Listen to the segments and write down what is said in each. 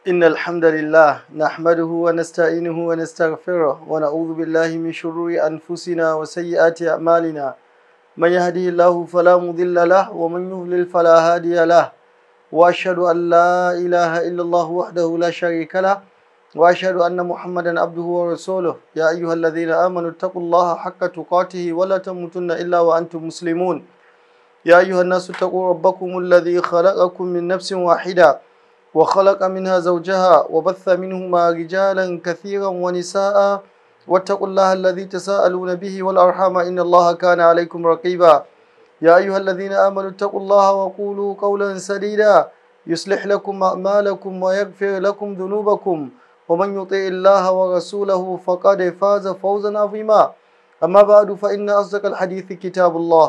إن الحمد لله نحمده ونستعينه ونستغفره ونعوذ بالله من شرور أنفسنا وسيئات أعمالنا من يهدي الله فلا مضل له ومن يضلل فلا هادي له وأشهد أن لا إله إلا الله وحده لا شريك له وأشهد أن محمدا عبده ورسوله يا أيها الذين آمنوا اتقوا الله حق تقاته ولا تموتن إلا وأنتم مسلمون يا أيها الناس اتقوا ربكم الذي خلقكم من نفس واحدة وخلق منها زوجها وبث منهما رجالا كثيرا ونساء واتقوا الله الذي تساءلون به والأرحام إن الله كان عليكم رقيبا يا أيها الذين آمنوا اتقوا الله وقولوا قولا سديدا يصلح لكم أعمالكم ويغفر لكم ذنوبكم ومن يطيع الله ورسوله فقد فاز فوزا عظيما أما بعد فإن أصدق الحديث كتاب الله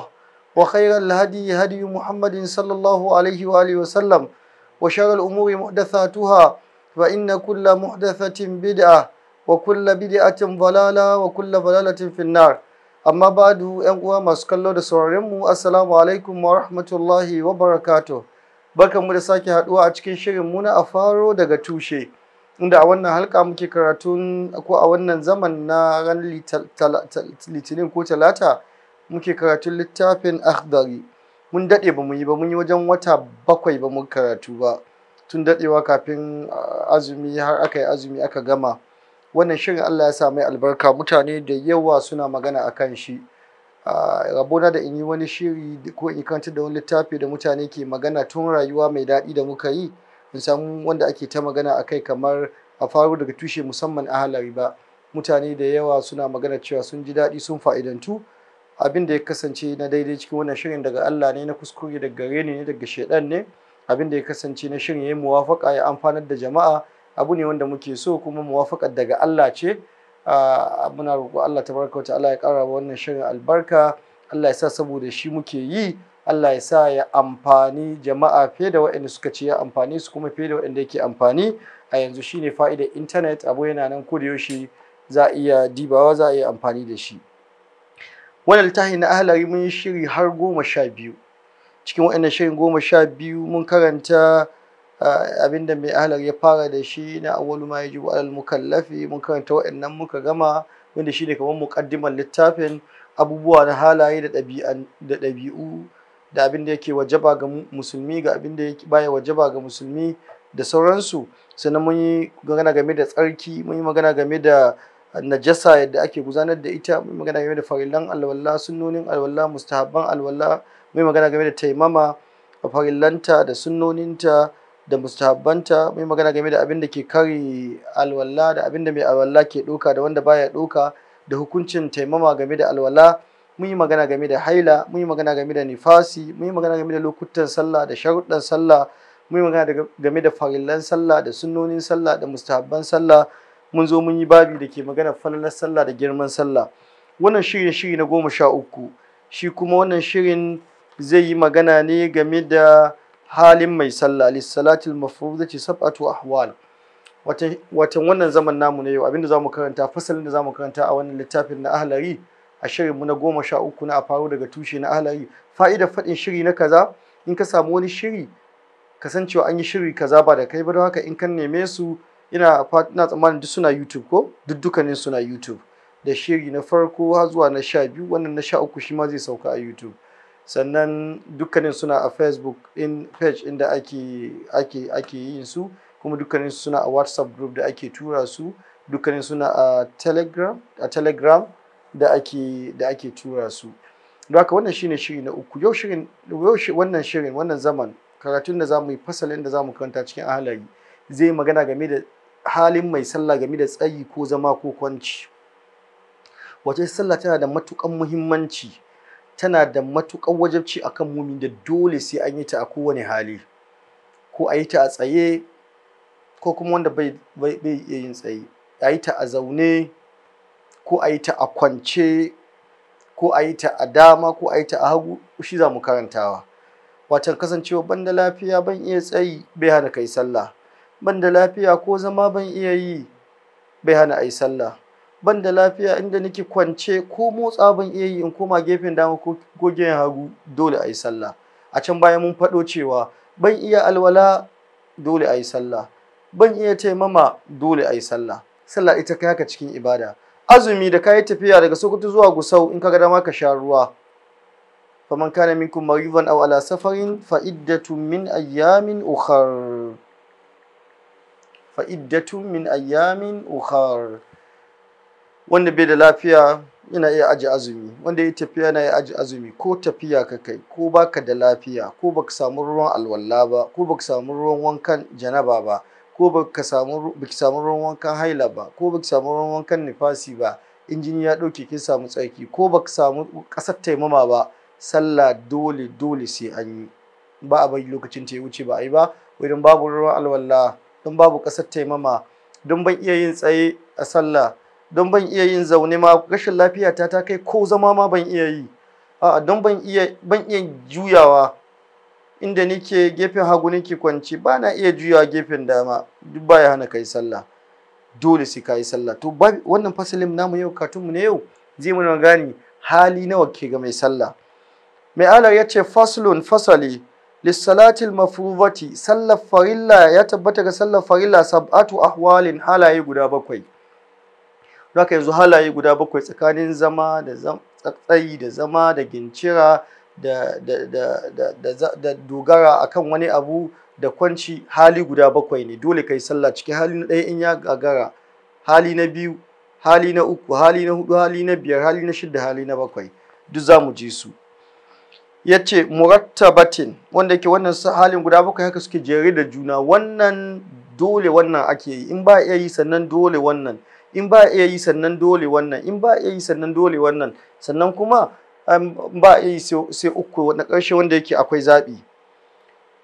وخير الهدي هدي محمد صلى الله عليه وآله وسلم wa وشر الأمور محدثاتها فإن كل محدثة بدعة وكل بدعة ضلالة وكل ضلالة في النار amma ba du yan uwa masu kallo da sauraronmu assalamu alaikum wa rahmatullahi wa barakatuh barkanmu da sake haduwa a cikin shirin mu na afaro daga tushe inda a wannan halka muke karatun ko a wannan zaman na ran litinin ko talata muke karatun littafin akhdari mun daɗe ba mu yi ba mun yi wajen wata bakwai ba mun karatu ba tun daɗewa kafin azumi har aka yi azumi aka gama wannan shirin Allah ya sa mai albarka mutane da yawa suna magana a kan shi rabona da in yi wani shiri ko in kanta da wani littafi da mutane ke magana tun rayuwa mai daɗi da muka yi in samu wanda ake ta magana a kai kamar a faru daga tushe musamman a halari ba mutane da yawa suna magana cewa sun ji daɗi sun fa'idantu abin da ya kasance na daidai cikin wannan shirin daga Allah ne na kuskure daga gare ne daga shedan ne abin da ya kasance na shirin ya muwafaka ya amfanar da jama'a abu ne wanda muke so kuma muwafaka daga Allah ce muna roƙo Allah tabaraka wa ta'ala ya ƙara wannan shirin albarka Allah ya sa saboda shi muke yi Allah ya sa ya amfani jama'a fiye da waɗanda suka ce ya amfani su kuma fiye da waɗanda yake amfani a yanzu shine fa'idar intanet abu yana nan ko da yaushe za a iya dibawa za a iya amfani da shi wannan littafi na ahlari mun shiri har goma sha biyu cikin waɗannan shirin goma sha biyu mun karanta abinda mai ahlari ya fara da shi na awwalu ma yajibu alal mukallafi mun karanta waɗannan muka gama wanda shine kamar muqaddimar littafin abubuwa na halaye da da ɗabi'u da abin da yake wajaba ga musulmi ga abin da yake baya wajaba ga musulmi da sauransu sannan mun yi magana game da tsarki mun yi magana game da najasa yadda ake gudanar da ita mai magana game da farillan alwala sunnonin alwala mustahabban alwala mai magana game da taimama farillanta da sunnoninta da mustahabbanta mai magana game da abin da ke kare alwala da abin da mai alwala ke doka, da wanda baya doka, da hukuncin taimama game da alwala mun yi magana game da haila mun yi magana game da nifasi mun yi magana game da lokutan sallah da sharuɗan sallah mun yi magana game da farillan sallah da sunnonin sallah da mustahabban sallah mun zo mun yi babi da ke magana falalar sallah da girman sallah wannan shirin shiri na goma sha uku shi kuma wannan shirin zai yi magana ne game da halin mai sallah lissalatul ce sab'atu ahwal watan wannan zaman namu ne yau abinda zamu karanta fasalin da zamu karanta a wannan littafin na ahlari a shirin mu na goma sha uku na a faru daga tushe na ahlari Fa'ida faɗin shiri na kaza in ka samu wani shiri kasancewa an yi shiri kaza ba da kai ba don haka in ka neme su ina ina tsammanin duk suna YouTube ko duk dukkanin suna YouTube da shiri na farko har zuwa na sha biyu wannan na sha uku shi ma zai sauka a YouTube sannan dukkanin suna a Facebook in page inda ake ake ake yin su kuma dukkanin suna a WhatsApp group da ake tura su dukkanin suna a Telegram a Telegram da ake da ake tura su haka wannan shine shiri na uku yau shirin yau wannan shirin wannan zaman karatun da zamu yi fasalin da zamu karanta cikin ahalari zai magana game da halin mai sallah game da tsayi ko zama ko kwanci wace sallah tana da matukan muhimmanci tana da matukan wajabci akan mumin da dole sai an yi ta a kowane hali ko a yi ta a tsaye ko kuma wanda bai iya yin tsaye a yi ta a zaune ko a yi ta a kwance ko a yi ta a dama ko a yi ta a hagu shi za mu karantawa watan kasancewa ban da lafiya ban iya tsayi bai hana kai sallah ban da lafiya ko zama ban iya yi bai hana a yi sallah ban da lafiya inda nake kwance ko motsa ban iya yi in koma gefen dama ko gogen hagu dole a yi sallah a can baya mun faɗo cewa ban iya alwala dole a yi sallah ban iya taimama dole a yi sallah sallah ita kai haka cikin ibada azumi da kayi tafiya daga sokoto zuwa gusau in kaga dama ka sha ruwa faman kana minkum maridan aw ala safarin fa min ayyamin ukhra fa iddatun min ayyamin ukhar wanda bai da lafiya yana iya aji azumi wanda ya tafiya yana iya aji azumi ko tafiya ka kai ko baka da lafiya ko baka samu ruwan alwala ba ko baka samu ruwan wankan janaba ba ko baka samu ruwan wankan haila ba ko baka samu ruwan wankan nifasi ba injini ya dauke kin samu tsaki ko baka samu ƙasar taimama ba sallah dole dole sai an yi ba a bai lokacin ta ya wuce ba a yi ba wurin babu ruwan alwala don babu ƙasar taimama don ban iya yin tsaye a sallah don ban iya yin zaune ma rashin lafiya ta ta kai ko zama ma ban iya yi a'a don ban iya ban iya juyawa inda nike gefen hagu nake kwanci ba na iya juyawa gefen dama duk baya hana kai sallah dole sai kai sallah to wannan fasalin namu yau mu ne yau zai mana gani hali nawa ke ga mai sallah mai alar ya ce faslun fasali lissalatil mafruvati sallar farilla ya tabbata ga sallar farilla sab'atu ahwalin halaye guda bakwai haka yanzu halaye guda bakwai tsakanin zama da tsatsayi da zama da gincira da dogara akan wani abu da kwanci hali guda bakwai ne dole kai sallah cikin hali na ɗaya in ya gagara hali na biyu hali na uku hali na hudu hali na biyar hali na shida hali na bakwai duk za mu ji su ya ce murattabatin wanda yake wannan halin guda bakwai haka suke jere da juna wannan dole wannan ake yi in ba iya yi sannan dole wannan in ba iya yi sannan dole wannan in ba iya yi sannan dole wannan sannan kuma um, ba iya yi sai uku na ƙarshe wanda yake akwai zaɓi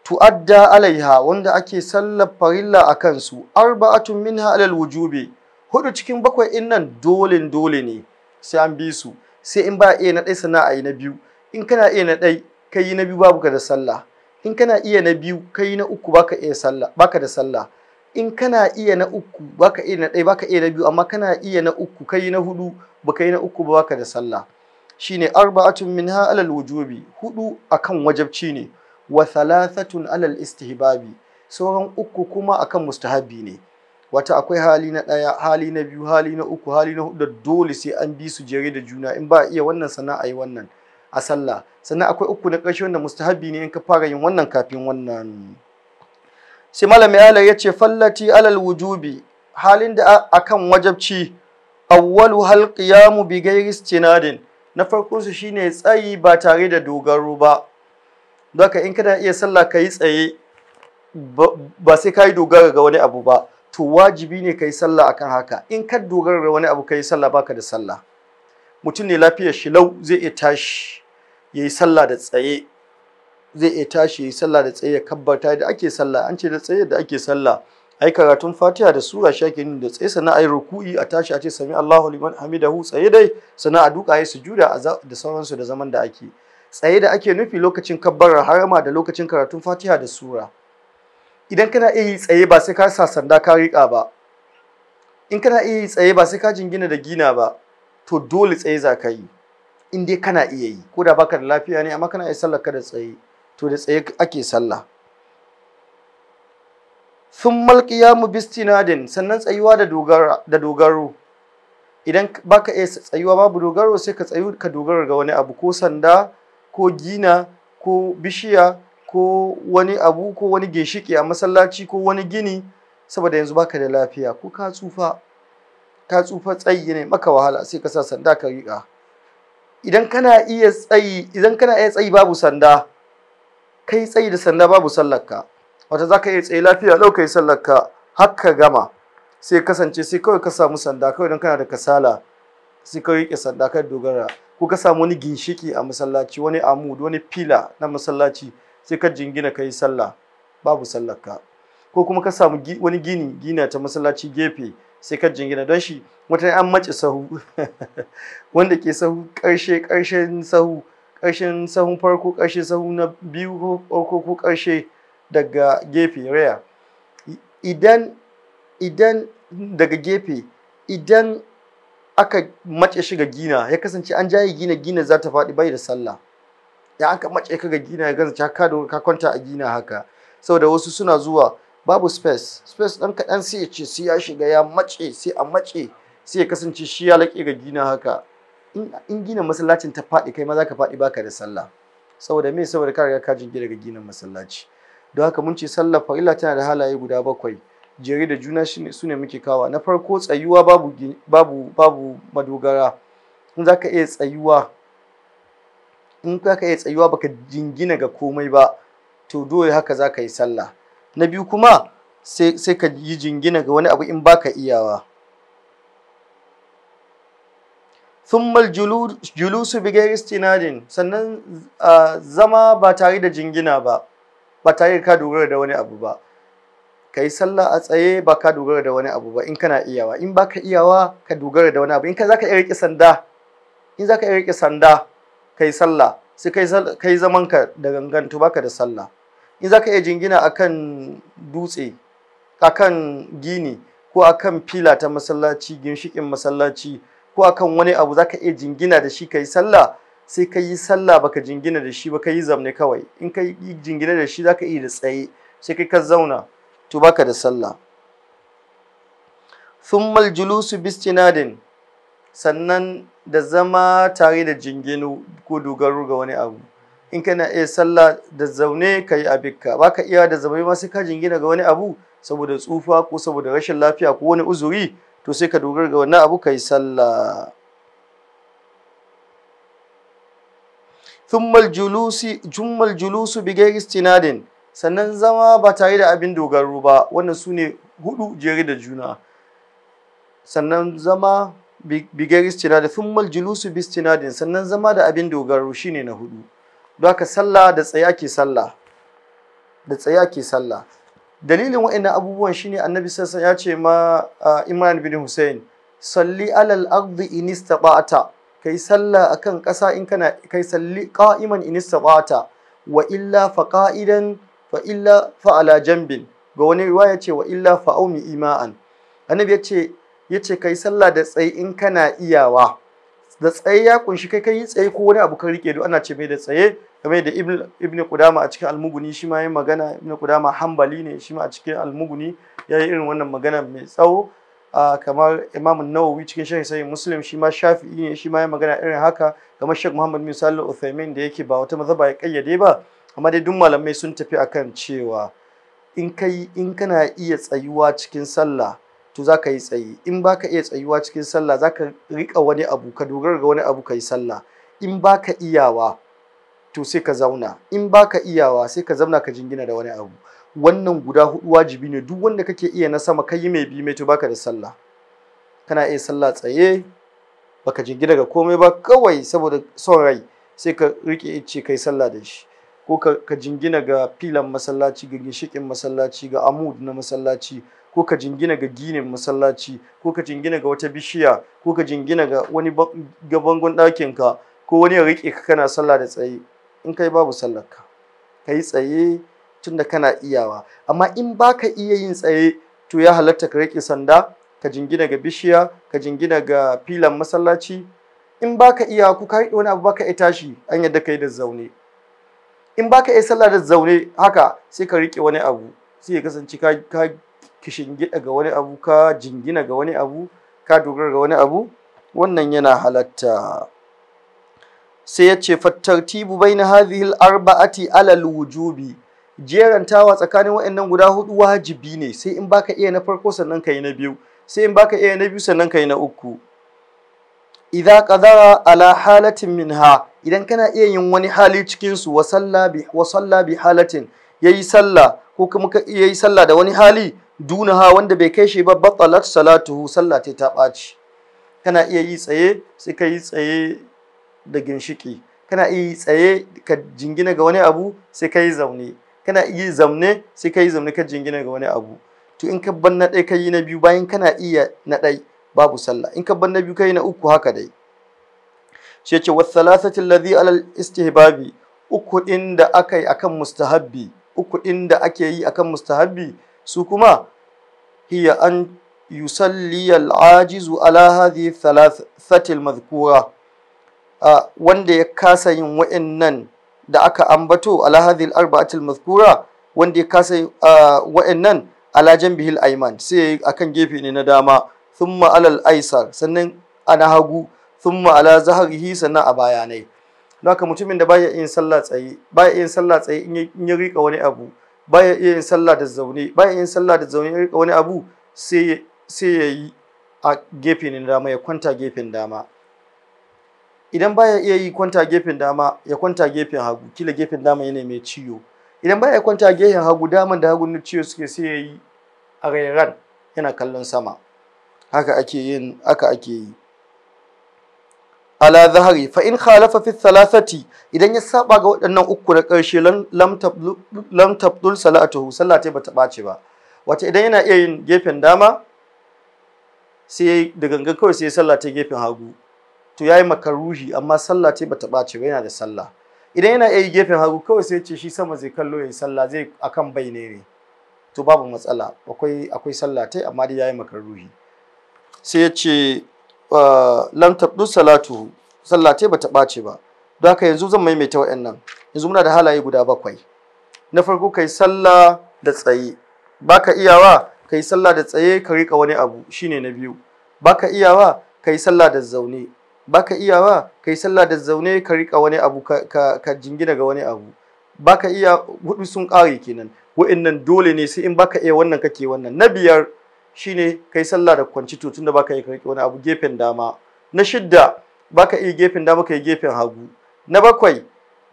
tu'adda alaiha wanda ake sallar farilla a kansu arba'atun minha alal wujube hudu cikin bakwai in nan dolin dole ne sai an bi su sai in ba iya na ɗaya sana'a na biyu in kana iya na ɗai ka yi na biyu babu ka da sallah in kana iya na biyu ka yi na uku baka iya sallah baka da sallah in kana iya na uku baka iya na ɗai baka iya na biyu amma kana iya na uku ka yi na hudu baka yi na uku ba baka da sallah shine arba'atun ha alal wujubi hudu akan wajabci ne wa thalathatun alal istihbabi sauran uku kuma akan mustahabi ne wata akwai hali na ɗaya hali na biyu hali na uku hali na hudu dole sai an bi su jere da juna in ba iya wannan sana'a yi wannan a sallah sannan akwai uku na ƙarshe wanda mustahabi ne in ka fara yin wannan kafin wannan sai malami ala ya ce fallati alal wujubi halin da akan wajabci awwalu hal qiyamu bi ghairi istinadin na farko su shine tsayi ba tare da dogaro ba doka in kana iya sallah kai tsaye ba sai kai dogara ga wani abu ba to wajibi ne kai sallah akan haka in ka dogara ga wani abu kai sallah baka da sallah mutum ne lafiyar shi lau zai iya tashi ya yi sallah da tsaye zai iya tashi ya yi sallah da tsaye kabbata da ake sallah an ce da tsaye da ake sallah ai karatun fatiha da sura shi ake da tsaye sannan ai ruku'i a tashi a ce sami Allahu liman hamidahu tsaye dai sannan a duka ai sujuda da sauransu da zaman da ake tsaye da ake nufi lokacin kabbarar harama da lokacin karatun fatiha da sura idan kana iya yi tsaye ba sai ka sa sanda ka riƙa ba in kana iya yi tsaye ba sai ka jingina da gina ba to dole tsaye za ka yi in dai kana iya yi ko da baka da lafiya ne amma kana iya sallar ka da tsaye to da tsaye ake sallah sun ya mu bistinadin sannan tsayuwa da dogaro idan baka iya tsayuwa babu dogaro sai ka tsayu ka dogara ga wani abu ko sanda ko gina ko bishiya ko wani abu ko wani ginshiki a masallaci ko wani gini saboda yanzu baka da lafiya ko ka tsufa ta tsufa tsayi ne maka wahala sai ka sa sanda ka riƙa idan kana iya tsayi idan kana iya tsayi babu sanda kai tsayi da sanda babu sallarka wata za ka iya tsaye lafiya lau ka yi sallarka har ka gama sai kasance sai kawai ka samu sanda kawai don kana da kasala sai ka riƙe sanda ka dogara ko ka samu wani ginshiki a masallaci wani amud wani fila na masallaci sai ka jingina ka yi sallah babu sallarka ko kuma ka samu wani gini gina ta masallaci gefe sai ka jingina don shi wata an mace sahu wanda ke sahu ƙarshe ƙarshen sahu ƙarshen sahun farko ƙarshe sahu na biyu ko ko ƙarshe daga gefe raya idan idan daga gefe idan aka mace shi ga gina ya kasance an jaye gina gina za ta faɗi bai da sallah ya aka mace ka ga gina ya kasance ka ka kwanta a gina haka saboda wasu suna zuwa babu space space dan kaɗan sai ya ce sai ya shiga ya mace sai a mace sai ya kasance shi ya laƙe ga gina haka in gina masallacin ta faɗi kai ma zaka ka faɗi baka da sallah saboda me saboda ka riga ka jingina daga ginin masallaci don haka mun ce sallah farilla tana da halaye guda bakwai jere da juna su ne muke kawa na farko tsayuwa babu babu babu madogara in za ka iya tsayuwa in ka iya tsayuwa baka jingina ga komai ba to dole haka za ka yi sallah na biyu kuma sai ka yi jingina ga wani abu in baka iyawa thummal julusu bi ghairi istinadin sannan zama ba tare da jingina ba ba tare da ka dogara da wani abu ba kai sallah a tsaye ba ka dogara da wani abu ba in kana iyawa in baka iyawa ka dogara da wani abu in ka zaka iya sanda in zaka iya sanda kai sallah sai kai zaman ka da gangantu baka da sallah in za ka iya jingina a kan dutse a kan gini ko a kan fila ta masallaci ginshikin masallaci ko a kan wani abu za ka iya jingina da shi ka yi sallah sai ka yi sallah baka jingina da shi ba ka yi zamne kawai in ka yi jingina da shi za ka iya da tsaye sai kai ka zauna to baka da sallah thummal julusu bistinadin sannan da zama tare da jinginu ko dogaro ga wani abu in kana iya sallah da zaune ka yi abinka ba ka iya da zaune ma sai ka jingina ga wani abu saboda tsufa ko saboda rashin lafiya ko wani uzuri to sai ka dogara ga wannan abu ka yi sallah thummal julusi jummal julusu bi ghairi istinadin sannan zama ba tare da abin dogaro ba wannan sune hudu jere da juna sannan zama bi ghairi istinadin thummal julusu bi istinadin sannan zama da abin dogaro shine na hudu don haka sallah da tsaya ke sallah da tsaya ke sallah dalilin wa'annan abubuwan shine annabi sassan ya ce ma imran bin hussein salli alal ardi in istata'ta kai sallah akan ƙasa in kana kai salli qa'iman in istata'ta wa illa fa qa'idan fa illa fa ala jambin ga wani riwaya ce wa illa fa aumi ima'an annabi ya ce ka kai sallah da tsayi in kana iyawa da tsaye ya kunshi kai kai tsaye ko wani abu kan rike do ana ce mai da tsaye kamar da ibn kudama a cikin almuguni shi ma yin magana ibn kudama hambali ne shi ma a cikin almuguni ya yi irin wannan magana mai tsawo kamar imam nawawi cikin shahi sai muslim shi ma shafi'i ne shi ma ya magana irin haka kamar shek muhammad bin salih uthaymin da yake ba wata mazhaba ya kayyade ba amma dai duk malamai sun tafi akan cewa in kai in kana iya tsayuwa cikin sallah to za ka yi tsaye in ba ka iya tsayuwa cikin sallah za ka riƙa wani abu ka dogara ga wani abu ka yi sallah in ba ka iyawa to sai ka zauna in ba ka iyawa sai ka zauna ka jingina da wani abu wannan guda hudu wajibi ne duk wanda kake iya na sama kai mai bi mai to baka da sallah kana iya sallah tsaye baka jingina ga komai ba kawai saboda son rai sai ka rike ice kai sallah da shi ko ka jingina ga filan masallaci ga ginshikin masallaci ga amud na masallaci ko ka jingina ga ginin masallaci ko ka jingina ga wata bishiya ko ka jingina ga wani ga bangon ɗakin ka ko wani ya rike ka kana sallah da tsaye in kai babu sallar ka kai tsaye tunda kana iyawa amma in baka iya yin tsaye to ya halatta ka rike sanda ka jingina ga bishiya ka jingina ga filan masallaci in baka iya ku ka wani abu baka iya tashi an yadda kai da zaune in baka iya sallah da zaune haka sai ka rike wani abu sai ya kasance ka kishingida ga wani abu ka jingina ga wani abu ka dogara ga wani abu wannan yana halatta sai ya ce fattartibu baina hadhihi al-arba'ati alal, al-wujubi jerantawa tsakanin waɗannan guda hudu wajibi ne sai in baka iya na farko sannan kai na biyu sai in baka iya na biyu sannan kai na uku idza qadara ala halatin minha idan kana iya yin wani hali cikin su wa salla bi halatin yayi salla ko kuma yayi sallah da wani hali dunaha wanda bai kai shi ba batalat salatuhu sallah ta ta ɓaci kana iya yi tsaye sai ka yi tsaye da ginshiki kana iya yi tsaye ka jingina ga wani abu sai ka yi zaune kana iya zamne sai ka yi zamne ka jingina ga wani abu to in ka bar na ɗaya ka yi na biyu bayan kana iya na ɗai babu sallah in ka bar na biyu ka yi na uku haka dai shi ya ce wasu salasatin ladhi alal istihbabi uku ɗin da aka yi akan mustahabbi uku ɗin da ake yi akan mustahabbi su kuma hiya an yusalli ajizu ala hadhihi thalathati al wanda ya kasa yin wa'annan da aka ambato ala hadhihi al-arba'ati wanda ya kasa wa'annan ala janbihil ayman sai akan gefe ne na dama sun ma'alal aisar sannan ana hagu sun ma'ala zahrihi sannan a bayanai don haka mutumin da baya yin sallah tsaye yin sallah tsaye in ya riƙa wani abu baya iya yin sallah da zaune baya yin sallah da zaune rika wani abu sai ya yi a gefen dama ya kwanta gefen dama idan baya iya yi kwanta gefen dama ya kwanta gefen hagu kila gefen dama yana mai ciwo idan baya kwanta gefen hagu daman da hagun ciwo suke sai ya yi a rairan yana kallon sama haka ake yin haka ake yi ala zahari fa in khalafa fi thalathati idan ya saba ga waɗannan uku na ƙarshe lam tabdul salatuhu sallah ta bata ɓace ba wata idan yana iya yin gefen dama sai da ganga kawai sai sallah ta gefen hagu to yayi makaruhi amma sallah ta bata ɓace ba yana da sallah idan yana iya gefen hagu kawai sai ce shi sama zai kallo yayi sallah zai akan bai ne to babu matsala akwai akwai sallah ta amma dai yayi makaruhi sai ya ce lam tabdu salatu, sallatai ba ta ɓace ba don haka yanzu zan maimaita waɗannan yanzu muna da halaye guda bakwai na farko kai salla da tsaye baka iyawa kai sallah da tsaye ka rika wani abu shine na biyu baka iyawa kai sallah da zaune baka iyawa kai sallah da zaune ka rika wani abu ka, jingina ga wani abu baka iya hudu sun ƙare kenan wa'annan dole ne sai in baka iya wannan kake wannan na biyar shine kai sallah da kwanci to tunda baka yi kai wani abu gefen dama na shidda baka iya gefen dama kai gefen hagu na bakwai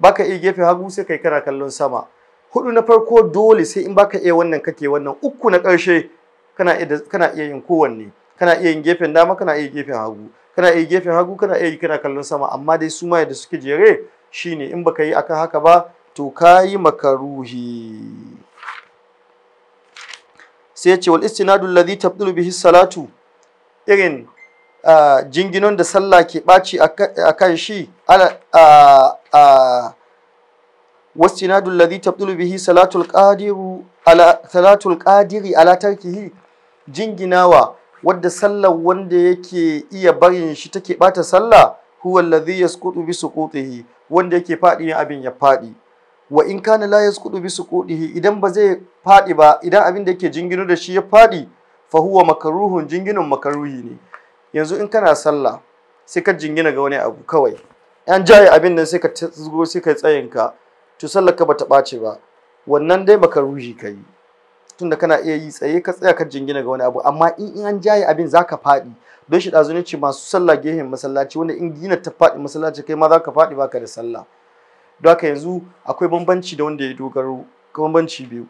baka iya gefen hagu sai kai kana kallon sama hudu na farko dole sai in baka iya wannan kake wannan uku na ƙarshe kana kana iya yin kowanne kana iya yin gefen dama kana iya gefen hagu kana iya gefen hagu kana iya kana kallon sama amma dai su ma da suke jere shine in baka yi akan haka ba to kayi makaruhi sai ya ce wal istinadu ladhi tabdulu bihi salatu irin jinginon da sallah ke baci a kan shi ala a wastinadu ladhi tabdulu bihi salatul qadiru ala salatul qadiri ala tarkihi jinginawa wadda sallar wanda yake iya barin shi take bata sallah huwa alladhi yasqutu bi suqutihi wanda yake faɗi abin ya fadi. wa in kana la yasqudu bi suqudihi idan ba zai fadi ba idan abin da yake jingino da shi ya fadi fa huwa makruhun jinginun makruhi ne yanzu in kana sallah sai ka jingina ga wani abu kawai An jaye abin nan sai ka zugo sai ka tsayin ka to sallar ka bata bace ba wannan dai makruhi kai tunda kana iya yi tsaye ka tsaya ka jingina ga wani abu amma in in an jaye abin zaka fadi don shi dazuni ce masu sallah gehen masallaci wanda in gina ta fadi masallaci kai ma zaka fadi baka da sallah don yanzu akwai bambanci da wanda ya dogaro ga bambanci biyu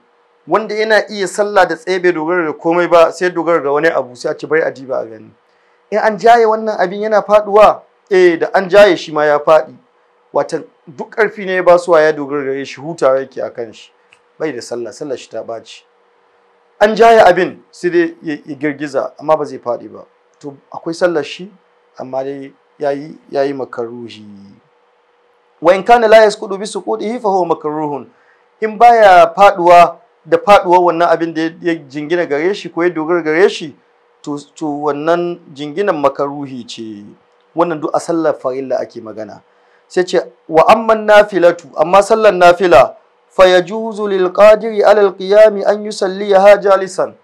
wanda yana iya sallah da tsaye bai dogara da komai ba sai dogara da wani abu sai a ci bai adiba a gani in an jaye wannan abin yana faduwa eh da an jaye shi ma ya fadi. watan duk ƙarfi ne ya ba su ya dogara gare shi hutawa yake a kan shi bai da sallah sallah shi ta baci an jaye abin sai da ya girgiza amma ba zai fadi ba to akwai sallar shi amma dai yayi yayi makaruhi wa in kana la yaskudu bi suqudihi fa huwa makruhun in baya faduwa da faduwar wannan abin da ya jingina gare shi ko ya dogara gare shi to wannan jinginan makaruhi ce wannan duk a sallar farilla ake magana sai ce wa amma nafilatu amma sallar nafila fa yajuzu lil qadiri ala al qiyam an yusalliha jalisan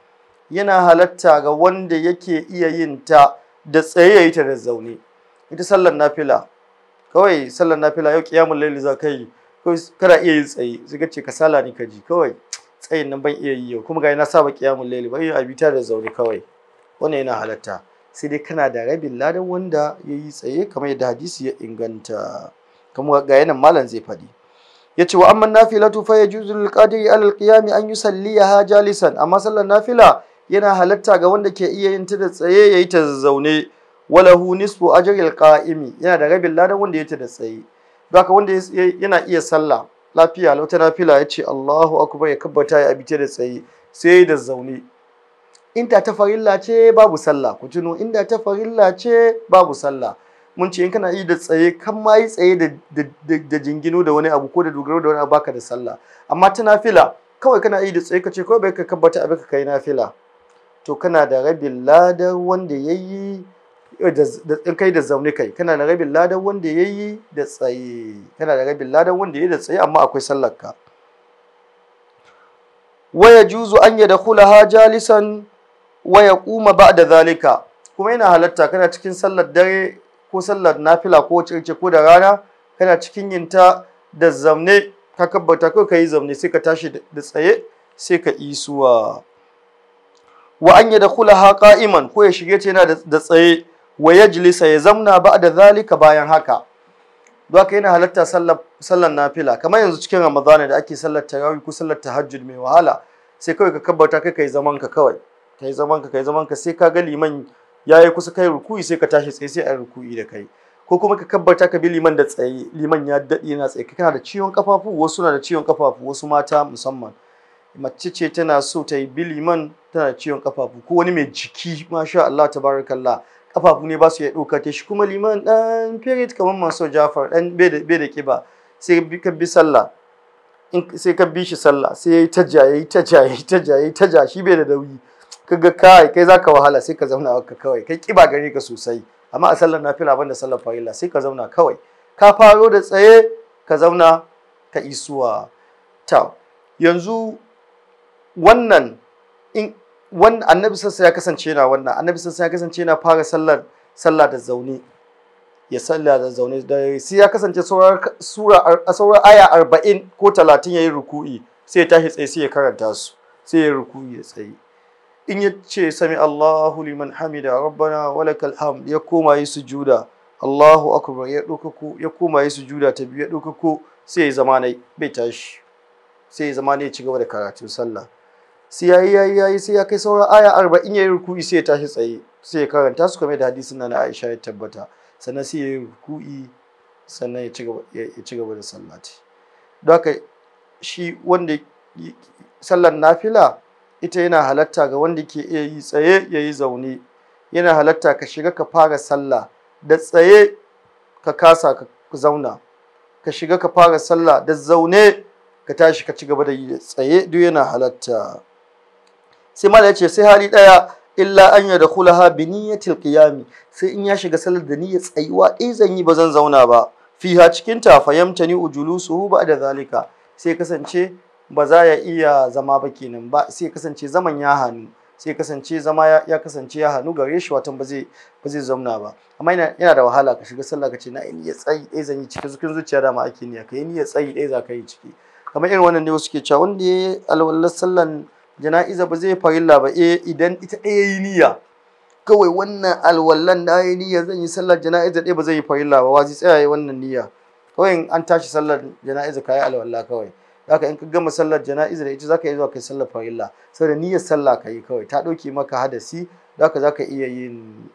yana halatta ga wanda yake iya yin ta da tsaye yayi ta da zaune ita sallar nafila kawai sallar nafila yau kiyamul laili za ka yi kana iya yin tsaye sai ka ce kasala ne ka ji kawai tsayin nan ban iya yi yau kuma gani na saba kiyamul laili ba yi abita da zaune kawai wannan yana halatta sai dai kana da rabin ladan wanda ya yi tsaye kamar yadda hadisi ya inganta kamar ga yanan malam zai faɗi ya ce wa amma fila fa ya lil qadiri ala al an jalisan amma sallar nafila yana halatta ga wanda ke iya yin ta da tsaye yayi ta zaune walahu nisfu ajril qa'imi yana da rabin ladan wanda yake da tsaye baka wanda yana iya sallah lafiya lauta nafila yace Allahu akbar ya kabbata ya abice da tsaye sai da zaune in ta ta farilla ce babu sallah ku tuno in ta farilla ce babu sallah mun ce in kana yi da tsaye kan ma yi tsaye da jingino da wani abu ko da dogaro da wani abu baka da sallah amma ta nafila kawai kana yi da tsaye ka ce kawai bai ka kabbata abin ka kai nafila to kana da rabin ladar wanda yayi in kai da zaune kai kana da rabin ladan wanda ya yi da tsaye kana da rabin ladan wanda ya yi da tsaye amma akwai sallar ka waya juzu an ya ha jalisan waya kuma ba da zalika kuma yana halatta kana cikin sallar dare ko sallar nafila ko circe ko da rana kana cikin yinta da zaune ka kabbata ko ka yi zamne sai ka tashi da tsaye sai ka isuwa wa an ha qa'iman ko ya shige ta yana da tsaye wa yajlisa ya zamna ba da zalika bayan haka yi yana halatta sallar nafila kamar yanzu cikin Ramadana da ake sallar tarawih ko sallar tahajjud mai wahala sai kawai ka kabbata kai yi zaman ka kawai ka yi zaman ka yi zaman ka sai ka ga liman ya yi kusa kai ruku'i sai ka tashi tsaye sai a ruku'i da kai ko kuma ka kabbata ka bi liman da tsaye liman ya daɗe yana tsaye ka kana da ciwon kafafu wasu na da ciwon kafafu wasu mata musamman mace ce tana so ta yi bi liman tana da ciwon kafafu ko wani mai jiki masha Allah tabarakallah kafafu ne ba su ya ɗauka ta shi kuma liman ɗan period kamar masu jafar ɗan bai da ƙiba sai ka bi sallah sai ka bi shi sallah sai ya yi ta ja yi ta ja yi ta ja yi ta ja shi bai da dauyi ka ga kai kai za ka wahala sai ka zauna ka kawai kai ƙiba gare ka sosai amma a sallar na fila banda sallar farilla sai ka zauna kawai ka faro da tsaye ka zauna ka isuwa ta yanzu wannan in wanda annabi sassa ya kasance na wannan annabi sassa ya kasance na fara sallar sallah da zaune ya sallah da zaune da sai ya kasance saurar aya arba'in ko talatin ya yi ruku'i sai ya tashi tsaye sai ya karanta su sai ya ruku'i ya tsaye in ya ce sami Allahu liman hamida rabbana walakal hamd ya koma yi sujuda Allahu akbar ya dokako ya koma yi sujuda ta biyu ya dokako sai ya zama bai tashi sai ya zama ne ya ci gaba da karatun sallah sai yayi yayi sai ya kai sauran aya arba'in yayi ruku'i sai ya tashi tsaye sai ya karanta su kamar da hadisin na Aisha ya tabbata sannan sai yayi ruku'i sannan ya ci gaba da sallati don haka shi wanda sallar nafila ita yana halatta ga wanda ke iya yi tsaye yayi yi zaune yana halatta ka shiga ka fara sallah da tsaye ka kasa ka zauna ka shiga ka fara salla da zaune ka tashi ka ci gaba da yi tsaye duk yana halatta sai mala ya ce sai hali ɗaya illa an ya ha bi niyyatil qiyami sai in ya shiga sallar da niyyar tsayuwa eh zan yi ba zan zauna ba fiha cikin ta fayamtani ujulusuhu suhuba da zalika sai kasance ba za ya iya zama ba kenan ba sai kasance zaman ya hannu sai kasance zama ya kasance ya hanu gare shi watan ba zai ba zai zauna ba amma yana da wahala ka shiga sallah ka ce na in tsayi eh zan yi cikin zuciya da ma ake niyya ka yi niyyar tsayi eh za ka yi ciki kamar irin wannan ne wasu ke cewa wanda ya alwallar sallan jana'iza ba zai farilla ba eh idan ita ɗaya yi niyya kawai wannan alwallan na yi niyya zan yi sallar jana'iza ɗaya ba zai yi farilla ba wazi zai tsaya yi wannan niyya kawai an tashi sallar jana'iza ka yi alwalla kawai haka in ka gama sallar jana'iza da ita zaka yi zuwa kai sallar farilla saboda niyyar sallah ka yi kawai ta ɗauke maka hadasi zaka zaka iya yin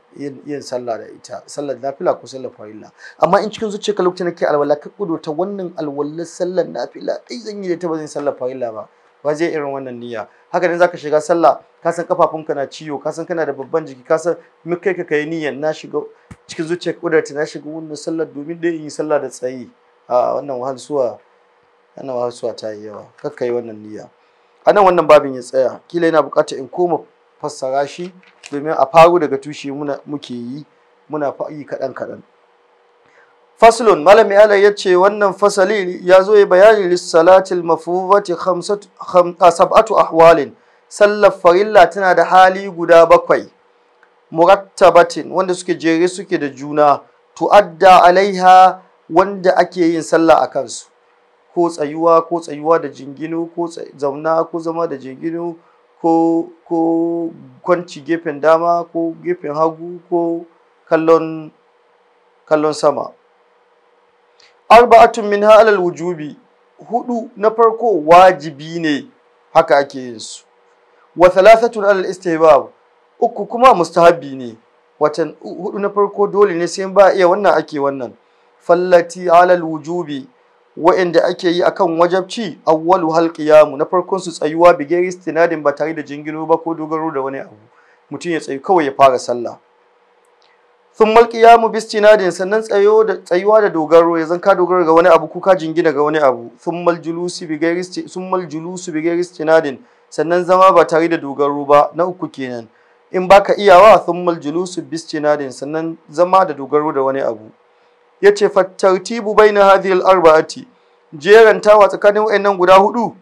yin sallah da ita sallar nafila ko sallar farilla amma in cikin zuciyarka lokacin ke alwala ka kudurta wannan alwallar sallar nafila dai zan yi da ta ba zan sallar farilla ba ba zai irin wannan niyya haka ne zaka shiga sallah ka san kafafunka na ciwo ka san kana da babban jiki ka san mu kai ka kai niyyar na shiga cikin zuciyar kudarta na shiga wannan sallar domin dai in yi sallah da tsayi a wannan wahalsuwa wannan wahalsuwa ta yi yawa kakka yi wannan niyya anan wannan babin ya tsaya kila yana buƙatar in koma fassara shi domin a faru daga tushe muna muke yi muna fa'i kaɗan kaɗan faslun malami ala ya ce wannan fasali ya zo ya bayani lissalatil mafubati sab'atu ahwalin sallar farilla tana da hali guda bakwai murattabatin wanda suke jere suke da juna tu'adda alaiha wanda ake yin sallah a kansu ko tsayuwa ko tsayuwa da jinginu ko zauna ko zama da jinginu ko kwanci gefen dama ko gefen hagu ko kallon sama arba'atun min halal wujubi hudu na farko wajibi ne haka ake yin su wa thalathatun alal istihbab uku kuma mustahabi ne watan hudu na farko dole ne sai ba iya wannan ake wannan fallati alal wujubi wa'inda ake yi akan wajabci awwalu hal qiyam na farkon su tsayuwa bigeri istinadin ba tare da jingino ba ko dogaro da wani abu mutum ya tsayu kawai ya fara sallah mu bis bistinadin sannan tsayo da tsayuwa da dogaro ya zanka dogaro ga wani abu kuka jingina ga wani abu thummal julusi bi ghairi thummal julusu bi ghairi istinadin sannan zama ba tare da dogaro ba na uku kenan in baka iyawa thummal julusu bi istinadin sannan zama da dogaro da wani abu yace fa tartibu baina hadhihi al-arba'ati jerantawa tsakanin wayannan guda hudu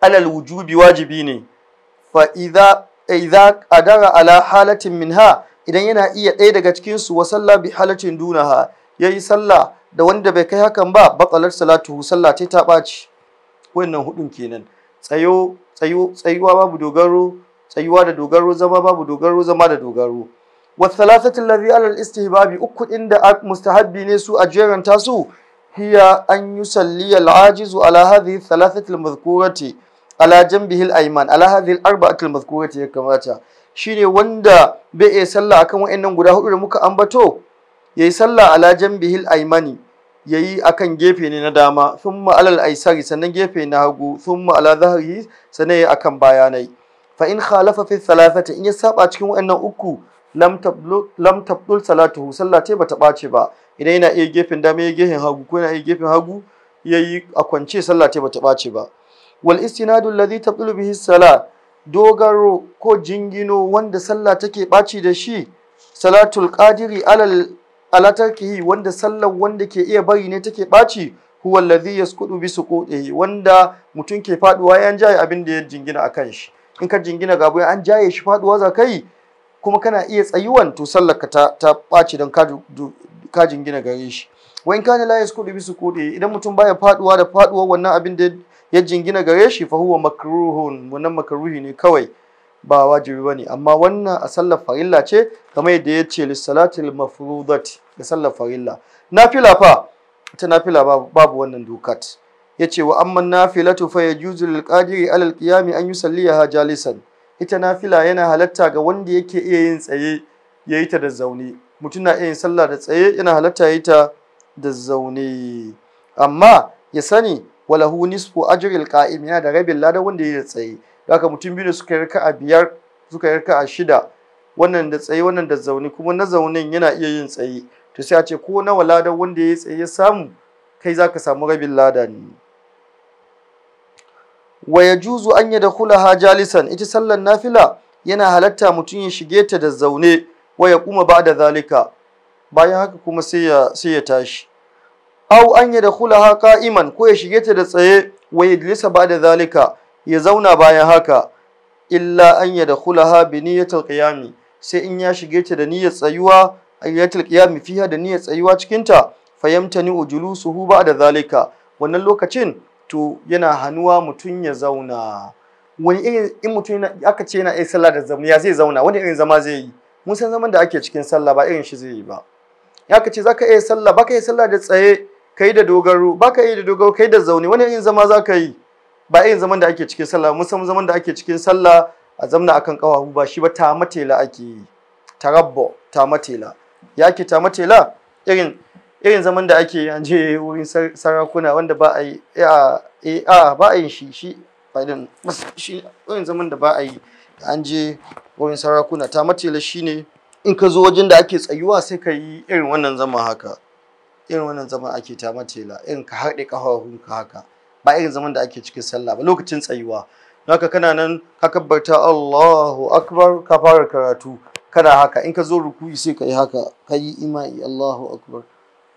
alal wujubi wajibi ne fa idha idza qadara ala halatin minha idan yana iya ɗaya daga cikin su wa sallah bi halatin dunaha yayi sallah da wanda bai kai hakan ba baqalar salatu sallah ta ta ɓaci wannan hudun kenan tsayo tsayo tsayuwa babu dogaro tsayuwa da dogaro zama babu dogaro zama da dogaro wa thalathatu alladhi ala al-istihbabi uku inda mustahabbi ne su a su hiya an yusalli al-ajizu ala hadhihi thalathati al mazkurati ala janbihi al-ayman ala hadhihi al-arba'ati al mazkurati ya kamata shine wanda bai iya sallah akan wa'annan guda hudu da muka ambato yayi sallah ala jambihil aymani yayi akan gefe ne na dama thumma ma'alal aisari sannan gefe na hagu thumma ala zahri sannan yayi akan bayanai fa in khalafa fi thalathati in ya saba cikin wa'annan uku lam tabdul salatuhu sallah ta bata bace ba idan yana iya gefen dama ya gefen hagu ko yana iya gefen hagu yayi a kwance sallah ta bata bace ba wal istinadu alladhi tabdulu bihi salat dogaro ko jingino wanda sallah take ɓaci da shi salatul qadiri alal alatarkihi wanda sallar wanda ke iya bari ne take ɓaci huwa allazi yaskudu bi suqutihi wanda mutum ke faduwa ya jaye abin da ya jingina akan shi in ka jingina gabo an jaye shi faduwa za kai kuma kana iya tsayuwan to sallar ka ta ɓaci don ka jingina gare shi wa in kana la yaskudu bi suqutihi idan mutum baya faduwa da faduwa wannan abin da ya jingina gare shi fa huwa makruhun wannan makruhi ne kawai ba wajibi bane amma wannan a sallar farilla ce kamar yadda ya ce lissalatil mafrudat ya sallar farilla nafila fa ta nafila babu wannan dokat yace wa amma nafilatu fa yajuzu lil qadiri alal qiyami an yusalliha jalisan ita nafila yana halatta ga wanda yake iya yin tsaye yayi ta da zaune mutum na iya yin sallah da tsaye yana halatta yayi ta da zaune amma ya sani Wala walahu nisfu ajril qa'im yana da rabin ladan wanda ya tsaye haka mutum biyu suka yi raka'a biyar suka yi raka'a shida wannan da tsaye wannan da zaune kuma na zaunen yana iya yin tsaye to sai a ce ko nawa ladan wanda ya tsaye ya samu kai zaka samu rabin lada ne wa yajuzu an yadkhulaha jalisan ita sallar nafila yana halatta mutum ya shige ta da zaune wa ya kuma ba da zalika bayan haka kuma sai ya tashi au an kulaha, 'Ka'iman,' ko ya shige ta da tsaye wa yajlisa da zalika ya zauna bayan haka illa an kulaha, bi niyyatil qiyami sai in ya shige ta da niyyar tsayuwa ayyatul qiyami fiha da niyyar tsayuwa cikin ta hu ujulusuhu da zalika wannan lokacin to yana hanuwa mutum ya zauna wani irin in mutum aka ce yana iya sallah da zama ya zai zauna wani irin zama zai yi mun san zaman da ake cikin sallah ba irin shi zai yi ba ya ka ce zaka iya sallah baka iya sallah da tsaye kai da dogaro ba ka yi da dogaro kai da zaune wani yin zama za ka yi ba yin zaman da ake cikin sallah musamman zaman da ake cikin sallah a zamna akan kawahu ba shi ba ta matela ake yi tarabbo ta matela ya ke ta matela irin irin zaman da ake yi je wurin sarakuna wanda ba a yi a ba a yin shi shi shi irin zaman da ba a yi an je wurin sarakuna ta matela shine in ka zo wajen da ake tsayuwa sai ka yi irin wannan zama haka irin wannan zaman ake ta matela irin ka haɗe ƙafafunka haka ba irin zaman da ake cikin sallah ba lokacin tsayuwa haka kana nan ka kabbata Allahu akbar ka fara karatu kana haka in ka zo rukuyi sai ka yi haka ka yi imai Allahu akbar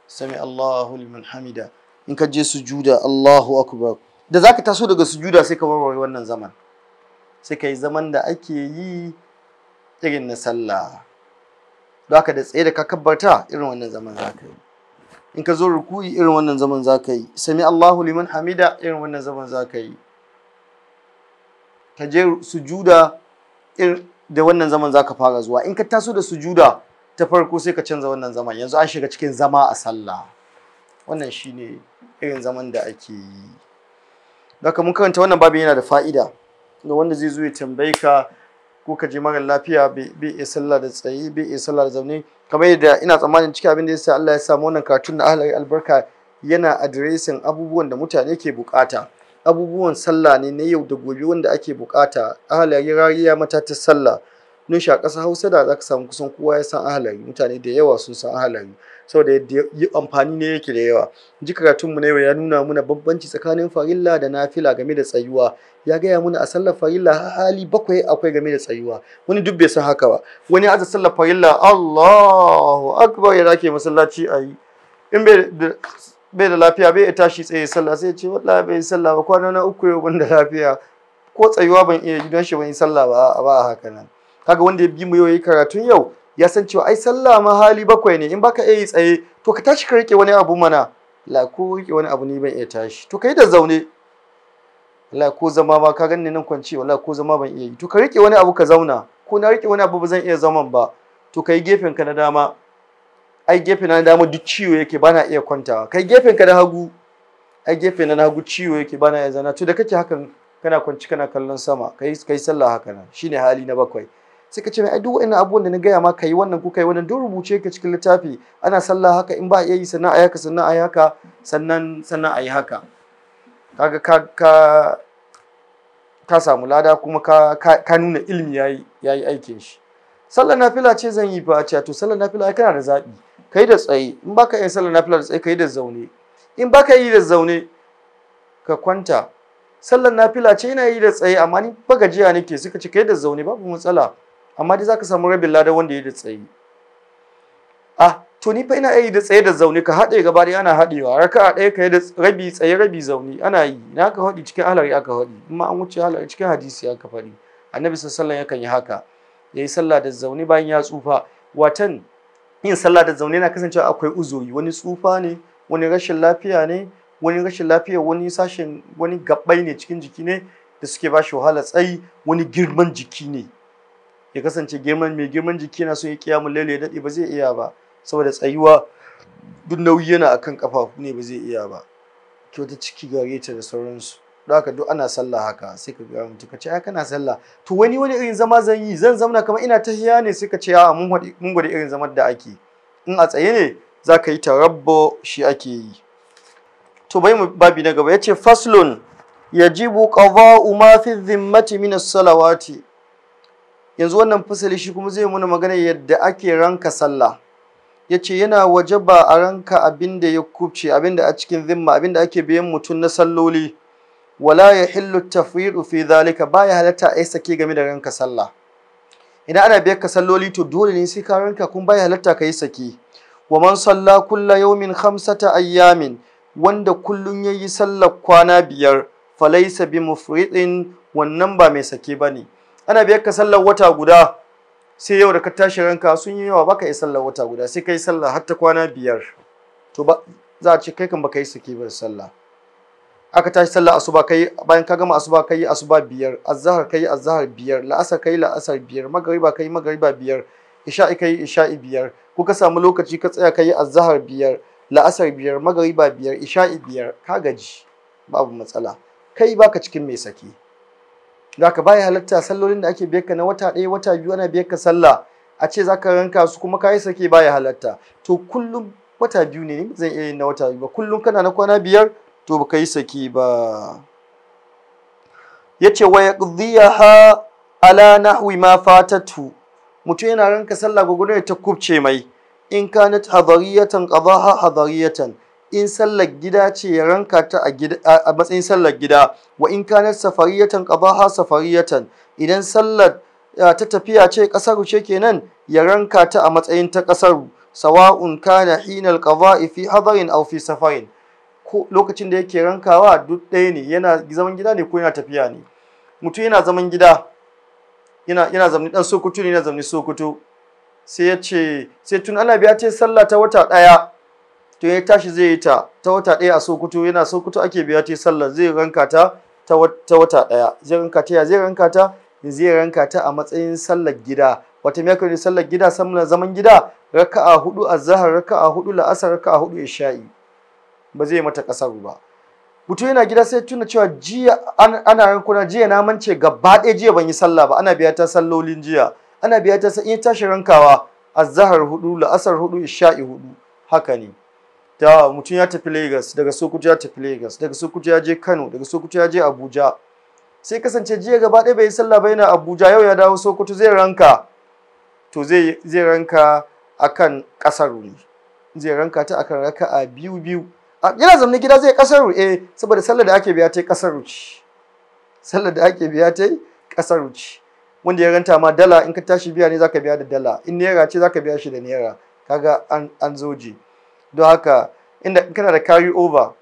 sami Allahu liman hamida in ka je sujuda Allahu akbar da zaka taso daga sujuda sai ka warware wannan zaman sai ka yi zaman da ake yi irin na sallah don haka da tsaye da ka kabbata irin wannan zaman zaka yi in ka zo ruku'i irin wannan zaman za ka yi sami Allahu liman hamida irin wannan zaman za ka yi ka je sujuda da wannan zaman za ka fara zuwa in ka taso da sujuda ta farko sai ka canza wannan zaman yanzu an shiga cikin zama a sallah wannan shine irin zaman da ake yi da mun karanta wannan babin yana da fa'ida da wanda zai zo ya tambaye ka ko ka je mara lafiya bi iya sallah da tsayi bi sallah da zaune kamar yadda ina tsammanin cikin abin da yasa Allah ya samu wannan cartoon na ahlul albarka yana adiresin abubuwan da mutane ke bukata abubuwan sallah ne na yau da gobe wanda ake bukata ahalari rariya matatar sallah nun sha ƙasa hausa da za ka samu kusan kowa ya san ahalari mutane da yawa sun san ahalari saboda yadda amfani ne yake da yawa ji karatun mu na yau ya nuna muna bambanci tsakanin farilla da nafila game da tsayuwa ya gaya muna a sallar farilla hali bakwai akwai game da tsayuwa wani duk bai san haka ba wani aza sallar farilla Allahu akbar ya dake masallaci ayi in bai bai da lafiya bai tashi tsaye sallah sai ce wallahi bai sallah ba kwana na uku yau da lafiya ko tsayuwa ban iya gidan shi ban yi sallah ba ba haka nan kaga wanda ya bi mu yau yi karatun yau ya san cewa ai sallah ma hali bakwai ne in baka iya tsaye to ka tashi ka rike wani abu mana la ko rike wani abu ne ban iya tashi to kai da zaune la ko zama ba ka ganni nan kwance wala ko zama ban iya yi to ka rike wani abu ka zauna ko na rike wani abu ba zan iya zaman ba to kai gefen ka na dama ai gefe na dama duk ciwo yake bana iya kwantawa kai gefen ka na hagu ai gefe na hagu ciwo yake bana iya zana to da kake hakan kana kwanci kana kallon sama kai kai sallah haka nan shine hali na bakwai sai ka ce mai duk wa'annan abubuwan da na gaya ma kai wannan ko kai wannan duk rubuce ka cikin littafi ana sallah haka in ba a yi sannan yi haka sannan yi haka sannan sannan ayi haka kaga ka ka ka samu lada kuma ka ka nuna ilimi yayi yayi aikin shi sallar nafila ce zan yi fa ce to sallar nafila ai kana da zabi kai da tsaye in baka yin sallar nafila da tsaye kai da zaune in baka yi da zaune ka kwanta sallar nafila ce ina yi da tsaye amma ni ba gajiya nake suka ce kai da zaune babu matsala amma dai zaka samu rabin lada wanda ya da tsayi ah to ni fa ina yi da tsaye da zaune ka haɗe gaba dai ana haɗewa raka ɗaya ka yi da rabi tsaye rabi zaune ana yi na ka haɗi cikin alari aka haɗi amma an wuce alari cikin hadisi aka faɗi annabi sallallahu alaihi yakan yi haka yayi yi sallah da zaune bayan ya tsufa watan yin sallah da zaune na kasancewa akwai uzuri wani tsufa ne wani rashin lafiya ne wani rashin lafiya wani sashen wani gabbai ne cikin jiki ne da suke ba shi wahala tsayi wani girman jiki ne ya kasance girman mai girman jiki yana son ya kiyamu laila lele daɗi ba zai iya ba saboda tsayuwa duk nauyi yana akan kafafu ne ba zai iya ba wata ciki gare ta da sauransu don haka duk ana sallah haka sai ka ga mutum ka ce ai kana sallah to wani wani irin zama zan yi zan zauna kamar ina ta hiya ne sai ka ce a mun gwada irin zaman da ake in a tsaye ne za ka yi tarabbo shi ake yi to bai mu babi na gaba yace faslun yajibu qada'u ma fi dhimmati min as-salawati yanzu wannan fasali shi kuma zai muna magana yadda ake ranka sallah ya ce yana waje ba a ranka abin da ya kubce abin da a cikin zimma abin da ake biyan mutum na salloli wala ya hillu tafwidu fi zalika ya halatta a sake game da ranka sallah idan ana biyar ka salloli to dole ne sai ka ranka kun ya halatta ka yi sake wa man salla kulla yawmin khamsata ayyamin wanda kullun yayi sallar kwana biyar falaisa bi mufridin wannan ba mai sake bane ana biyar ka sallar wata guda sai yau da ka tashi ranka sun yi yawa baka yi sallar wata guda sai ka yi sallah har ta kwana biyar to ba za a ce kai kan baka yi saki ba sallah aka tashi sallah asuba kai bayan ka gama asuba kai asuba biyar azhar kai azhar biyar la'asar kai la'asar biyar magariba kai magariba biyar isha'i kai isha'i biyar ko ka samu lokaci ka tsaya kai azhar biyar la'asar biyar magariba biyar isha'i biyar ka gaji babu matsala kai baka cikin mai saki zaka baya halatta sallolin da ake biyar ka na wata ɗaya wata biyu ana biyar ka sallah a ce zaka ranka su kuma kayi sake baya halatta to kullum wata biyu ne zan iya yin na wata biyu kullum kana na kwana biyar to baka yi saki ba yace wa yaqdhiha ala nahwi ma fatatu mutum yana ranka sallah gwagwado ta kubce mai in kanat hadariyatan qadaha hadariyatan in sallar gida ce ya ranka ta a matsayin sallar gida wa in kanar safariyatan qabaha safariyatan idan sallar ta tafiya ce kasaru ce kenan ya ranka ta a matsayin ta kasaru sawa'un kana hinal qada'i fi hadarin aw fi safarin lokacin da yake rankawa duk ɗaya ne yana zaman gida ne ko yana tafiya ne mutum yana zaman gida yana yana zamni dan sokoto ne yana zamni sokoto sai ya ce sai tun ana biya ce sallah ta wata ɗaya to ya tashi zai yi ta ta wata ɗaya a Sokoto yana Sokoto ake biya ta sallar zai ranka ta ta wata ɗaya zai ranka ta ya zai ranka ta zai ranka ta a matsayin sallar gida wata mai kan sallar gida sallar zaman gida raka'a hudu azhar raka'a hudu la'asar raka'a hudu isha'i ba zai mata kasar ba mutum yana gida sai tuna cewa jiya ana rankuna jiya na mance gaba ɗaya jiya ban yi sallah ba ana biya ta sallolin jiya ana biya ta in tashi rankawa azhar hudu la'asar hudu isha'i hudu haka ne da mutum ya tafi Lagos daga Sokoto ya tafi Lagos daga Sokoto ya je Kano daga Sokoto ya je Abuja sai kasance jiya gaba ɗaya bai yi sallah ba yana Abuja yau ya dawo Sokoto zai ranka to zai zai ranka akan kasar ne zai ranka ta akan raka'a biyu biyu yana zamne gida zai kasar eh saboda sallar da ake biya ta kasar ce sallar da ake biya ta kasar ce wanda ya ranta ma dala in ka tashi biya ne zaka biya da dala in naira ce zaka biya shi da naira kaga an an zoje don haka inda kana da carry over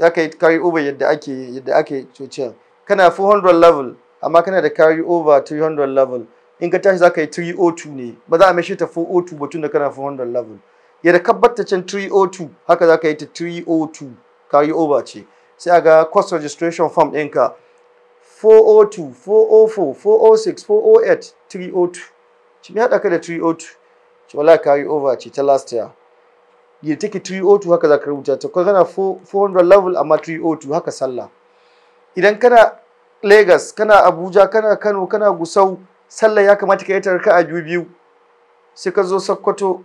za ka yi carry over yadda ake yadda ake cocin kana 400 level amma kana da carry over 300 level in ka tashi za ka yi 302 ne ba za a maishe ta 402 ba tun da kana 400 level yadda kabbata can 302 haka za ka yi ta 302 carry over ce sai a ga cost registration form ɗinka 402 404 406 408 302 ci mai haɗa ka da 302 ci wala carry over ce ta last year ya take 302 haka za ka rubuta ta kana 400 level amma 302 haka sallah idan kana Lagos kana Abuja kana Kano kana Gusau sallah ya kamata ka yi tarka a biyu biyu sai ka zo Sokoto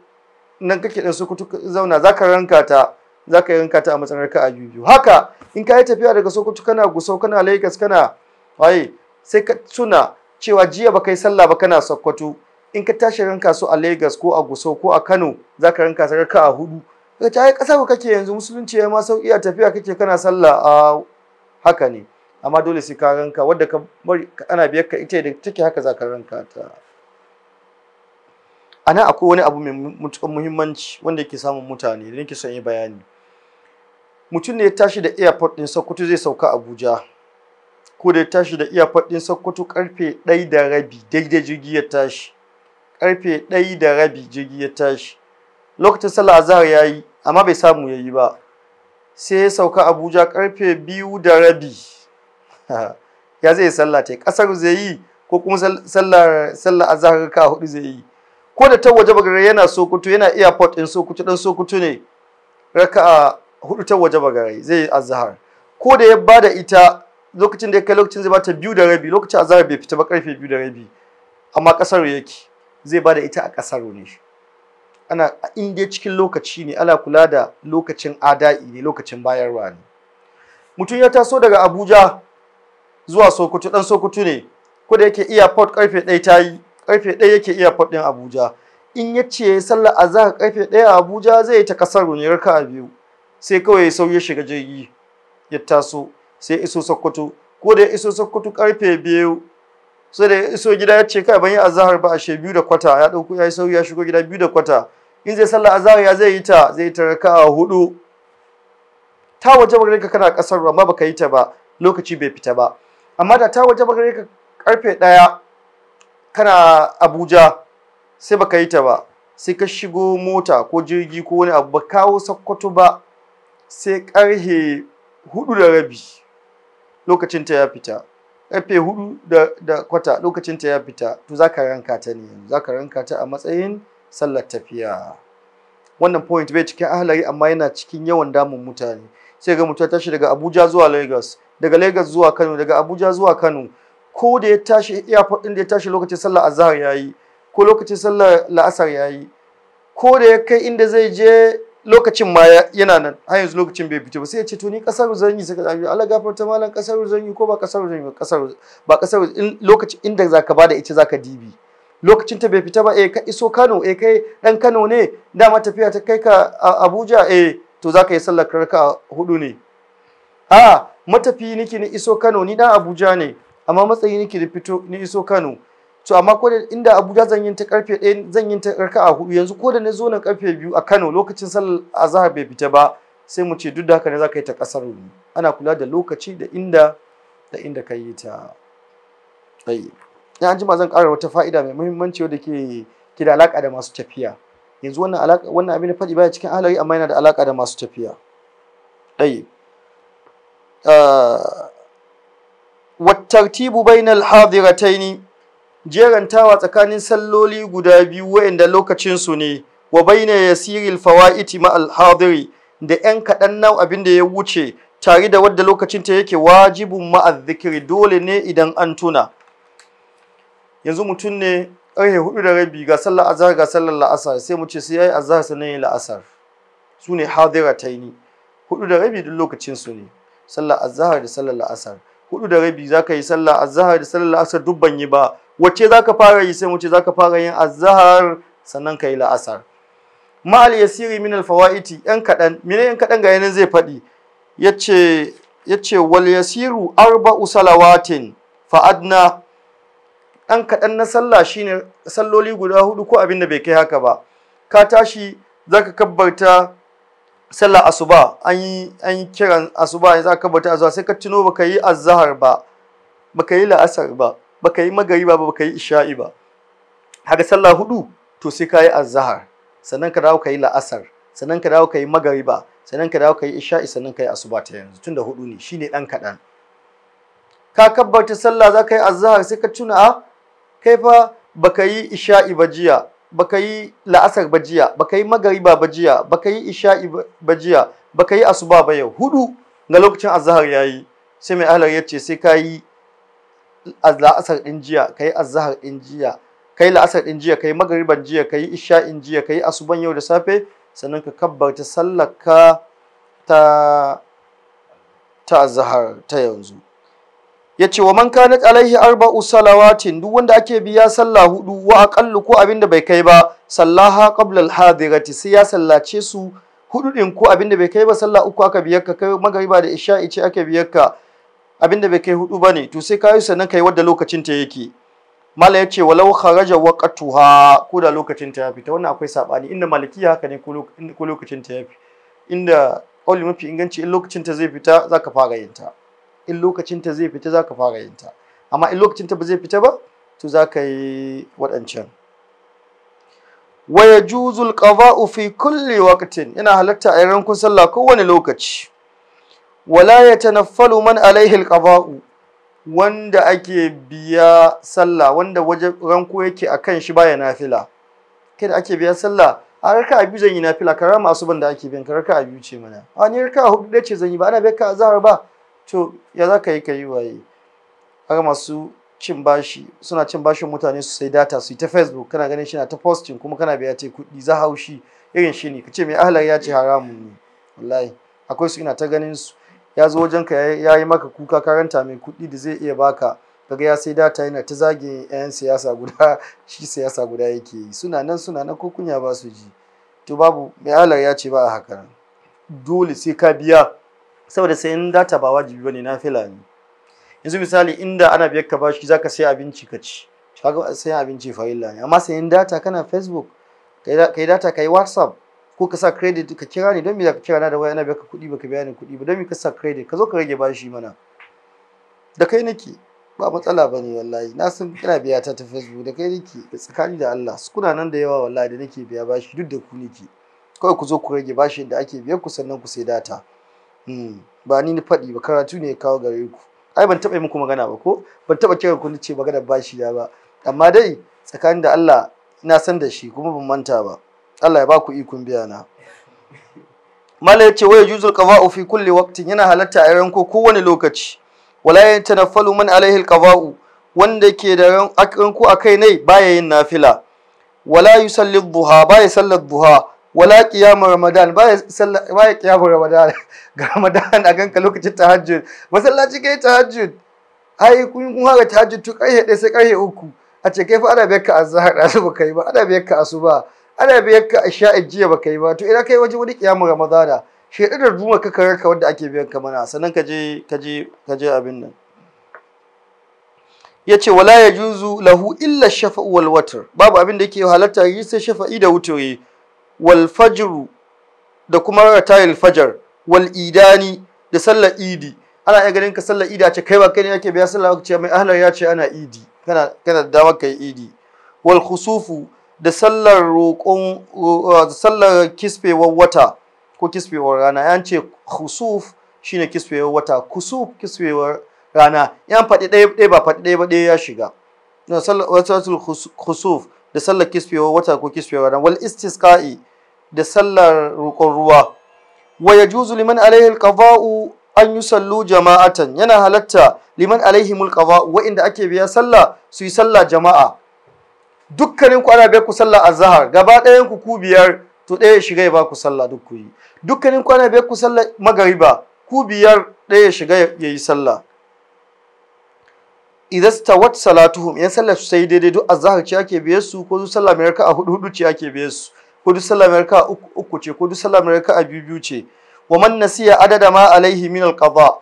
nan kake da Sokoto zauna zaka ranka ta zaka ranka ta a matsayin ka a biyu biyu haka in ka yi tafiya daga Sokoto kana Gusau kana Lagos kana waye sai ka tuna cewa jiya baka yi sallah ba kana Sokoto in ka tashi ranka su a Lagos ko a Gusau ko a Kano za ka ranka su a hudu ka cewa ai kasa ku kake yanzu musulunci ya ma sauki a tafiya kake kana sallah a haka ne amma dole sai ka ranka wadda ka bari ana biyar ka ita da take haka za ka ranka ta ana akwai wani abu mai mutukar muhimmanci wanda yake samun mutane da nake son yi bayani mutum ne ya tashi da airport din Sokoto zai sauka Abuja ko da ya tashi da airport din Sokoto karfe ɗaya da rabi daidai jirgi ya tashi karfe ɗaya da rabi jirgi ya tashi lokacin sallah azhar ya yi amma bai samu ya yi ba sai ya sauka abuja karfe biyu da rabi ya zai sallah ta kasar zai yi ko kuma sallar azahar ka hudu zai yi ko da ta waje bagare yana sokoto yana airport in sokoto ɗan sokoto ne raka'a hudu ta waje bagare zai yi azahar ko da ya bada ita lokacin da ya kai lokacin zai bata biyu da rabi lokacin azahar bai fita ba karfe biyu da rabi amma kasar yake zai bada ita a ƙasar ne ana in dai cikin lokaci ne ana kula da lokacin ada'i ne lokacin bayarwa ne mutum ya taso daga abuja zuwa sokoto dan sokoto ne ko da yake iya port karfe 1 yi, karfe 1 yake iya port ɗin abuja in ya ce sallar azhar karfe 1 a abuja zai yi ta kasar ne raka biyu sai kawai sau ya shiga jirgi ya taso sai iso sokoto ko da iso sokoto karfe biyu sai da iso gida ya ce kai ban yi azahar ba ashe biyu da kwata ya dauko ya yi ya shigo gida biyu da kwata in zai sallah azahar ya zai yi ta zai ta raka'a hudu ta waje ba ka kana kasar amma baka yi ta ba lokaci bai fita ba amma da ta waje ba ka karfe ɗaya kana Abuja sai baka yi ta ba sai ka shigo mota ko jirgi ko wani abu ba kawo sakkwato ba sai karhe huɗu da rabi lokacin ta ya fita karfe hudu da, kwata lokacin ta ya fita to za ka ranka ta ne za ka ranka ta a matsayin sallar tafiya wannan point bai cikin ahlari amma yana cikin yawan damun mutane sai ga mutum tashi daga abuja zuwa lagos daga lagos zuwa kano daga abuja zuwa kano ko da ya tashi iya din da ya tashi lokacin sallar azhar yayi ko lokacin sallar la'asar yayi ko da ya kai inda zai je lokacin ma yana nan har yanzu lokacin bai fito ba sai ya ce to ni kasar zan sai ka zabi Allah gafarta malan kasar yi ko ba kasar zan ba kasar ba kasar in lokacin inda zaka bada ita zaka dibi lokacin ta bai fita ba eh ka iso Kano eh kai dan Kano ne dama tafiya ta kai ka Abuja eh to zaka yi sallar karka hudu ne a matafi nake ni iso Kano ni dan Abuja ne amma matsayi nake da fito ni iso Kano to amma ko da inda Abuja zan yin ta karfe 1 zan yin ta karka a hudu yanzu ko da na zo nan karfe 2 a Kano lokacin sallar azhar bai fita ba sai mu ce duk da haka ne zaka yi ta kasar ne ana kula da lokaci da inda da inda ka yi ta ai ya an jima zan ƙara wata fa'ida mai muhimmanci wanda ke ke da alaka da masu tafiya yanzu wannan alaka wannan abin da faɗi baya cikin ahlari amma yana da alaka da masu tafiya ai ah, tartibu bainal الحاضرتين jerantawa tsakanin salloli guda biyu wa'inda lokacinsu ne wa ya yasiril fawaiti ma'al-hadiri da yan kaɗan nan abin da ya wuce tare da wadda lokacinta yake wajibun ma'azzikir dole ne idan an tuna yanzu mutum ne ƙarfe hudu da rabi ga sallar azhar ga sallar la'asar sai mu ce sai yi azhar sannan yi la'asar su ne ta hadirataini hudu da rabi duk lokacin su ne sallar azhar da sallar la'asar hudu da rabi za ka yi sallar azhar da sallar la'asar duk ban yi ba wacce ka fara yi sai mu za ka fara yin azhar sannan kai la'asar ma'al yasiri min alfawaiti yan kadan mine yan kadan ga yanin zai faɗi yace yace wal yasiru arba'u salawatin fa adna ɗan kaɗan na sallah shine salloli guda hudu ko abin da bai kai haka ba ka tashi zaka kabbarta sallah asuba an yi an kiran asuba za ka kabbarta sai ka tuno baka yi azhar ba baka yi la'asar ba baka yi magariba ba baka yi isha'i ba haka sallah hudu to sai ka yi azhar sannan ka dawo ka yi la'asar sannan ka dawo ka yi magariba sannan ka dawo ka yi isha'i sannan ka yi asuba ta yanzu tunda hudu ne shine dan kadan ka kabbarta sallah za ka yi azhar sai ka tuna a ah, kai fa baka yi isha'i ba jiya baka yi la'asar ba jiya baka yi magariba ba jiya baka yi isha'i ba jiya baka yi asuba ba yau hudu ga lokacin azhar yayi sai mai ahlar yace ce sai ka yi la'asar din jiya kai azhar din jiya kai la'asar din jiya kai magriban jiya kai din jiya kai asuban yau da safe sannan ka kabbarta sallarka ta ta azhar ta yanzu yace wa man na alaihi arba'u salawatin duk wanda ake biya sallah hudu wa aqallu ko abinda bai kai ba sallaha qabla al-hadirati sai ya sallace su hudu din ko abinda bai kai ba sallah uku aka biyar ka kai magriba da isha'i ce aka biyar ka abinda bai kai hudu bane to sai ka yi sannan kai wadda lokacin ta yake mala yace walau kharaja waqtuha ko da lokacin ta ya fita wannan akwai sabani inda malikiya haka ne ko lokacin ta ya fi inda kauli mafi inganci in lokacin ta zai fita zaka fara yin ta in lokacin ta zai fita zaka fara yin ta amma in lokacin ta ba zai fita ba to zaka yi waɗancan wa yajuzul qada'u fi kulli waqtin yana halatta a rankun sallah kowane lokaci wala ya tanaffalu man alaihi alqada'u wanda ake biya sallah wanda waje ranko yake akan shi baya nafila kai da ake biya sallah a raka biyu zan yi nafila karama asuban da ake biyan ka abu biyu ce mana a ni raka hudu da ce zan yi ba ana bai ka zahar ba to ya za ka yi ka yi waye har masu cin bashi suna cin bashin mutane su sai data su yi ta facebook kana ganin shi na ta posting kuma kana biya ce kuɗi za haushi irin shi ne ka ce mai ahlar ya ce haramun ne wallahi akwai su ina ta ganin su ya zo wajenka ya yi maka kuka karanta mai kuɗi da zai iya baka kaga ya sai data yana ta zage yan siyasa guda shi siyasa guda yake yi suna nan suna nan ko kunya ba su ji to babu mai alar ya ce ba a haka dole sai ka biya saboda in data ba wajibi bane na fila ne yanzu misali inda ana biyar ka bashi zaka sai abinci ka ci ka sai abinci fa'ila ne amma sayan data kana facebook kai data kai whatsapp ko ka sa credit ka kira ni don me ka kira na da waya na baka kuɗi baka biya ni kuɗi ba don me ka sa credit ka zo ka rage bashi mana da kai nake ba matsala bane wallahi na san ina biya ta ta facebook da kai nake da tsakani da Allah su kuna nan da yawa wallahi da nake biya bashi duk da ku nake kawai ku zo ku rage bashi da ake biyan ku sannan ku sai data hmm. ba ni ni faɗi ba karatu ne ya kawo gare ku ai ban taɓa yi muku magana ba ko ban taɓa kira ku ce magana bashi da ba amma dai tsakani da Allah ina san da shi kuma ban manta ba Allah ya baku ikon biya na mala yace waya juzul qada'u fi kulli waqtin yana halatta a ranko kowane lokaci wala tanaffalu man alaihi alqada'u wanda ke da ranko akai ne baya yin nafila wala yusalli duha baya sallar duha wala qiyam ramadan baya salla baya qiyam ramadan ga ramadan a ganka lokacin tahajjud masallaci kai tahajjud ai kun kun haka tahajjud tu kai sai kai uku a ce kai fa ana biyar ka azhar da su ba ana biyar ka asuba ana biyan ka isha jiya baka yi ba to idan kai waje wani kiyamu ramadana shedu da duma ka karar ka wanda ake biyan ka mana sannan ka je ka je ka je abin nan yace wala yajuzu lahu illa shafa'u wal watr babu abin da yake halatta yi sai shafa'i da wuturi wal fajr da kuma ratayil fajr wal idani da sallar idi ana iya ganin ka sallar idi a ce kai ba kai ne yake biya sallar ce mai ahlar ya ce ana idi kana kana da dama kai idi wal khusufu da sallar roƙon uh, da sallar kisfewar wata ko kisfewar rana ya ce khusuf shine kisfewar wata kusuf kisfewar rana yan faɗi ɗaya ɗaya ba faɗi ɗaya ba ɗaya ya shiga na sallar khusuf da sallar kisfewar wata ko kisfewar rana wal istisqa'i da sallar roƙon ruwa wa yajuzu liman alaihi alqada'u an yi sallu jama'atan yana halatta liman alaihimul wa inda ake biya sallah su yi sallah jama'a dukkanin ku ana bai ku sallah azhar gaba ɗayan ku ku biyar to ɗaya shiga ya ba ku sallah duk ku yi dukkanin ku ana bai ku sallah magariba ku biyar ɗaya shiga ya yi sallah idan Salatu salatuhum yan sallar su sai daidai duk azhar ce ake biye su ko duk sallah mai raka'a hudu hudu ce ake biye su ko duk sallah mai raka'a uku ce ko duk sallah mai raka'a biyu biyu ce wa man nasiya adada ma alaihi min alqada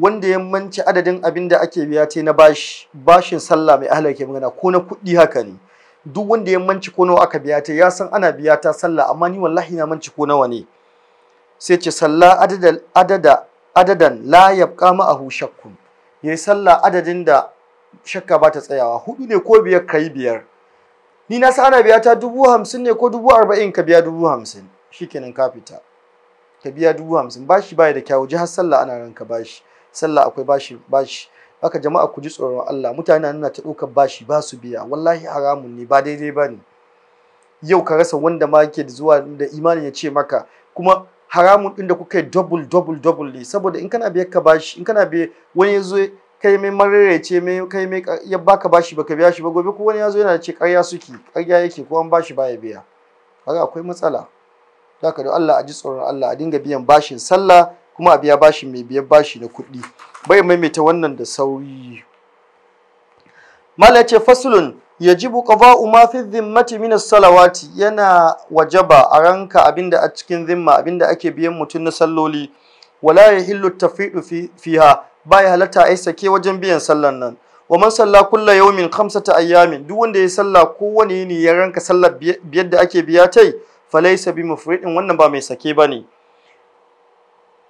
wanda ya manci adadin abin da ake biya ta na bashi bashin sallah mai ahla ke magana ko na kuɗi haka ne duk wanda ya manci ko nawa aka biya ta ya san ana biya ta sallah amma ni wallahi na manci ko nawa ne sai ce sallah adada adada adadan la yabqa ahu shakkun yayi sallah adadin da shakka ba ta tsayawa hudu ne ko biyar kai biyar ni na san ana biya ta dubu hamsin ne ko dubu arba'in ka biya dubu hamsin shikenan ka fita ka biya dubu hamsin bashi baya da kyawu jihar sallah ana ranka bashi sallah akwai bashi bashi haka jama'a ku ji tsoron Allah mutane na ta ɗaukar bashi ba su biya wallahi haramun ne ba daidai ba ne yau ka rasa wanda ma yake zuwa da imani ya ce maka kuma haramun ɗin da kuka yi double double double ne saboda in kana biyar ka bashi in kana biyar wani ya zo kai mai ce mai kai mai ya baka bashi baka biya shi ba gobe ko wani ya zo yana ce ƙarya suke ƙarya yake ko an bashi ya biya haka akwai matsala zaka da Allah a ji tsoron Allah a dinga biyan bashin sallah kuma a biya bashin mai biyan bashi na kuɗi bai maimaita wannan da sauri mala ce fasulun ya ji ma fi zimmati min salawati yana wajaba a ranka abinda a cikin zimma abinda ake biyan mutum na salloli wala yahillu tafidu fiha ya halatta ai sake wajen biyan sallan nan wa man salla kulla yawmin khamsata ayyamin duk wanda ya salla kowane yini ya ranka sallar biyar da ake biya tai falaysa bi mufridin wannan ba mai sake bane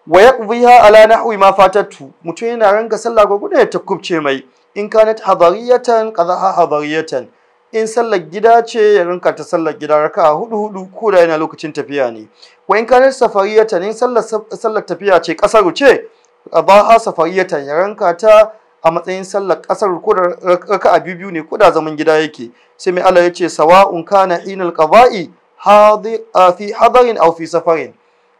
wa yaqdiha ala nahwi ma fatatu mutum yana ranga sallah gwagwado ya takubce mai in kanat hadariyatan qadaha hadariyatan in sallar gida ce ya rinka ta sallar gida raka hudu hudu ko da yana lokacin tafiya ne wa in kanat safariyatan in sallar tafiya ce kasaru ce qadaha safariyatan ya ranka ta a matsayin sallar kasar ko da raka biyu biyu ne ko da zaman gida yake sai mai Allah ya ce sawa'un kana inal qada'i hadi fi hadarin aw fi safarin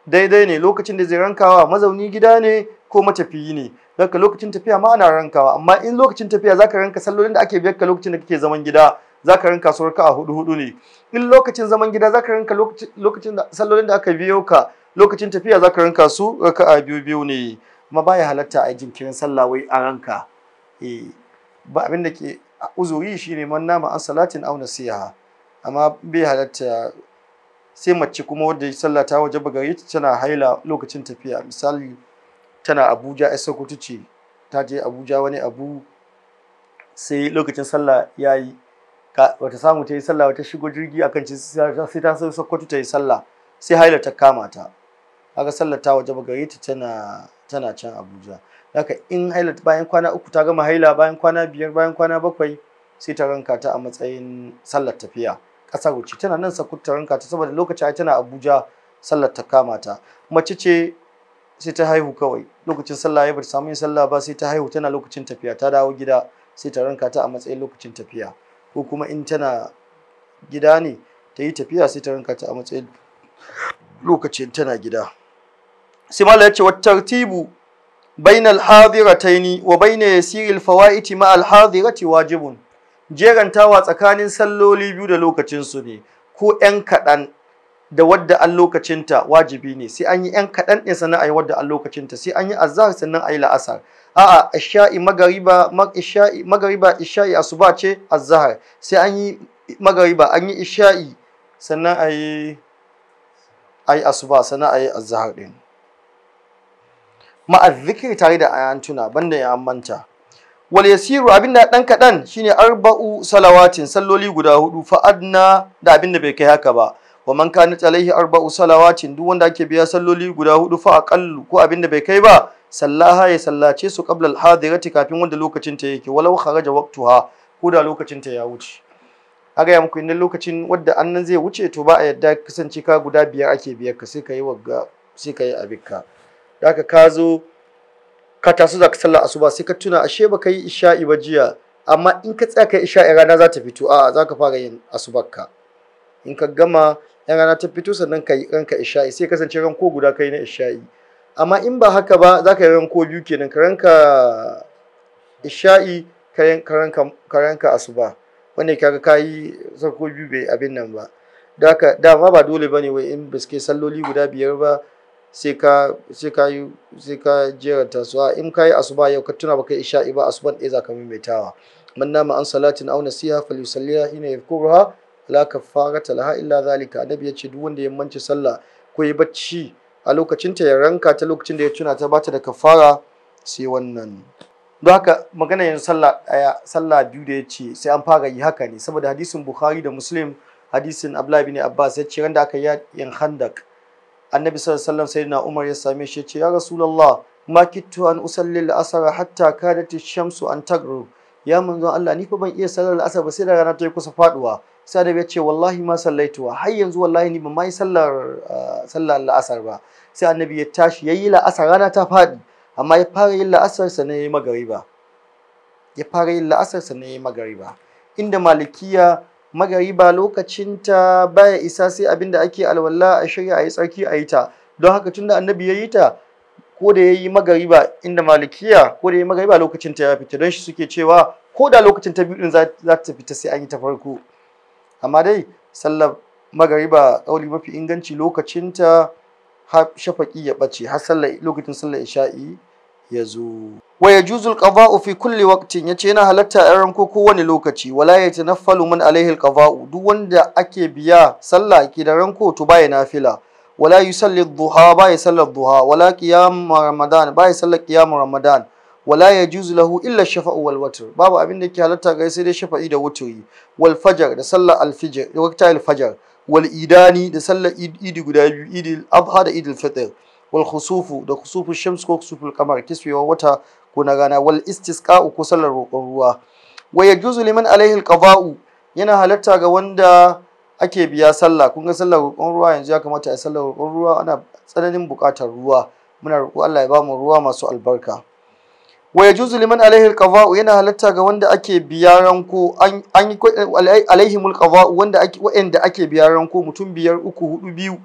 daidai ne lokacin da zai rankawa mazauni gida ne ko matafiyi ne daga lokacin tafiya ma ana rankawa amma in lokacin tafiya zaka ranka sallolin da ake biyar ka lokacin da kake zaman gida zaka ranka su a hudu hudu ne in lokacin zaman gida zaka ranka lokacin da sallolin da aka biyo ka lokacin tafiya zaka ranka su raka'a biyu biyu ne ba baya halatta a jinkirin sallah wai a ranka eh ba abin da ke uzuri shine man nama an salatin aw nasiha amma bai halatta sai mace kuma wadda sallah ta waje gare ta tana haila lokacin tafiya misali tana abuja ai sokoto ce ta je abuja wani abu sai lokacin sallah ya yi wata samu ta yi sallah wata shigo jirgi akan ci sai ta sai sokoto ta yi sallah sai haila ta kama ta haka sallar ta waje gare ta tana tana can abuja haka in haila bayan kwana uku ta gama haila bayan kwana biyar bayan kwana bakwai sai ta ranka ta a matsayin sallar tafiya kasa wuce tana nan sakutta ranka ta saboda lokaci ai tana Abuja sallar ta kama ta mace ce sai ta haihu kawai lokacin sallah ya bar samu yin sallah ba sai ta haihu tana lokacin tafiya ta dawo gida sai ta ranka ta a matsayin lokacin tafiya ko kuma in tana gida ne ta yi tafiya sai ta ranka ta a matsayin lokacin tana gida sai mala yace wat tartibu bainal hadirataini wa bainal yasiril fawaiti ma al hadirati wajibun jerantawa tsakanin salloli biyu da lokacinsu ne ko 'yan kaɗan da wadda an lokacinta wajibi ne sai an yi 'yan kaɗan ɗin sannan a yi wadda an lokacinta sai an yi azhar sannan a yi la'asar a'a isha'i magariba isha'i magariba isha'i asuba ce azhar sai an yi magariba an yi isha'i sannan a yi a yi asuba sannan a yi azhar ɗin ma'azzikir tare da an tuna banda ya manta wal yasiru abinda dan kadan shine arba'u salawatin salloli guda hudu fa adna da abinda bai kai haka ba wa man kana talaihi arba'u salawatin duk wanda ake biya salloli guda hudu fa aqallu ko abinda bai kai ba sallaha ya sallace su qabla al-hadirati kafin wanda lokacin ta yake walau kharaja waqtuha ko da lokacin ta ya wuce a gaya muku inda lokacin wadda annan zai wuce to ba a yadda kasance ka guda biyar ake biyar ka sai ka yi wagga sai ka yi abikka ka zo ka tasu za ka sallar asuba sai ka tuna ashe baka yi isha'i ba jiya amma in ka tsaya ka isha'i rana za ta fito a'a za ka fara yin asubarka in ka gama yan rana ta fito sannan ka yi ranka isha'i sai kasance ranko guda kai na isha'i amma in ba haka ba za ka yi ranko biyu kenan ka ranka isha'i ka ranka asuba wanda ya ka yi sarko biyu bai abin nan ba da ma ba dole ba ne wai in biske salloli guda biyar ba sai ka jera tasuwa in ka in kayi asuba yau ka tuna baka isha'i ba asuban ɗaya zaka maimaitawa man nama an salatin auna aw nasiha falyusalliha hina yadhkuruha la fara talaha illa zalika annabi yace duk wanda ya manci sallah ko ya bacci a lokacin ta ya ranka ta lokacin da ya tuna ta bata da kafara sai wannan don haka magana yin sallah biyu da ya ce sai an fara yi haka ne saboda hadisin bukhari da muslim hadisin abdullahi bin abbas ya ce randa aka yi yin handak annabi sallallahu alaihi sayyidina umar ya same shi ya ce ya rasulullah ma kittu an usalli al-asr hatta kadat shamsu an tagru ya manzon Allah ni fa ban iya sallar al-asr ba sai da rana ta yi kusa faduwa sai da ya ce wallahi ma sallaituwa har yanzu wallahi ni ba ma yi sallar ah, sallar al-asr ba sai annabi ya tashi yayi la'asar rana ta fadi amma ya fara yin la'asar sannan yayi magariba ya fara yin al-asr sannan yayi magariba inda malikiya Magari magariba lokacinta baya isa sai abin da ake alwala a shirya a yi tsarki a yi ta don haka tun da annabi ya yi ta ko da ya yi magari ba inda malikiya ko da ya yi magari lokacin lokacinta ya fita don shi suke cewa ko da lokacin ta biyu din za ta fita sai an yi ta farko amma dai sallar magari ba kauli mafi inganci lokacinta ta shafaki ya ɓace har lokacin sallar isha'i ya zo wa juzul qada'u fi kulli waqtin yace yana halatta a ranko kowane lokaci wala ya tanaffalu man alaihi alqada'u duk wanda ake biya sallah ki da ranko to baya nafila wala yusalli duha baya sallar duha wala qiyam ramadan baya sallar qiyam ramadan wala yajuzu lahu illa shafa'u wal watr babu abin da ke halatta ga sai dai shafa'i da wuturi wal fajr da sallar alfijr da waqtal fajr wal idani da sallar idi guda biyu idil adha da idil fitr wal khusufu da khusuful shams ko khusuful qamar kiswewa wata ko na gana wal istisqa ko sallar roƙon ruwa wa yajuzu liman alaihi alqada'u yana halatta ga wanda ake biya sallah kun ga sallar roƙon ruwa yanzu ya kamata a sallar roƙon ruwa ana tsananin buƙatar ruwa muna roƙo Allah ya bamu ruwa masu albarka wa yajuzu liman alaihi alqada'u yana halatta ga wanda ake biya ranko an yi alaihi alqada'u wanda ake wa'anda ake biya ranko mutum biyar uku hudu biyu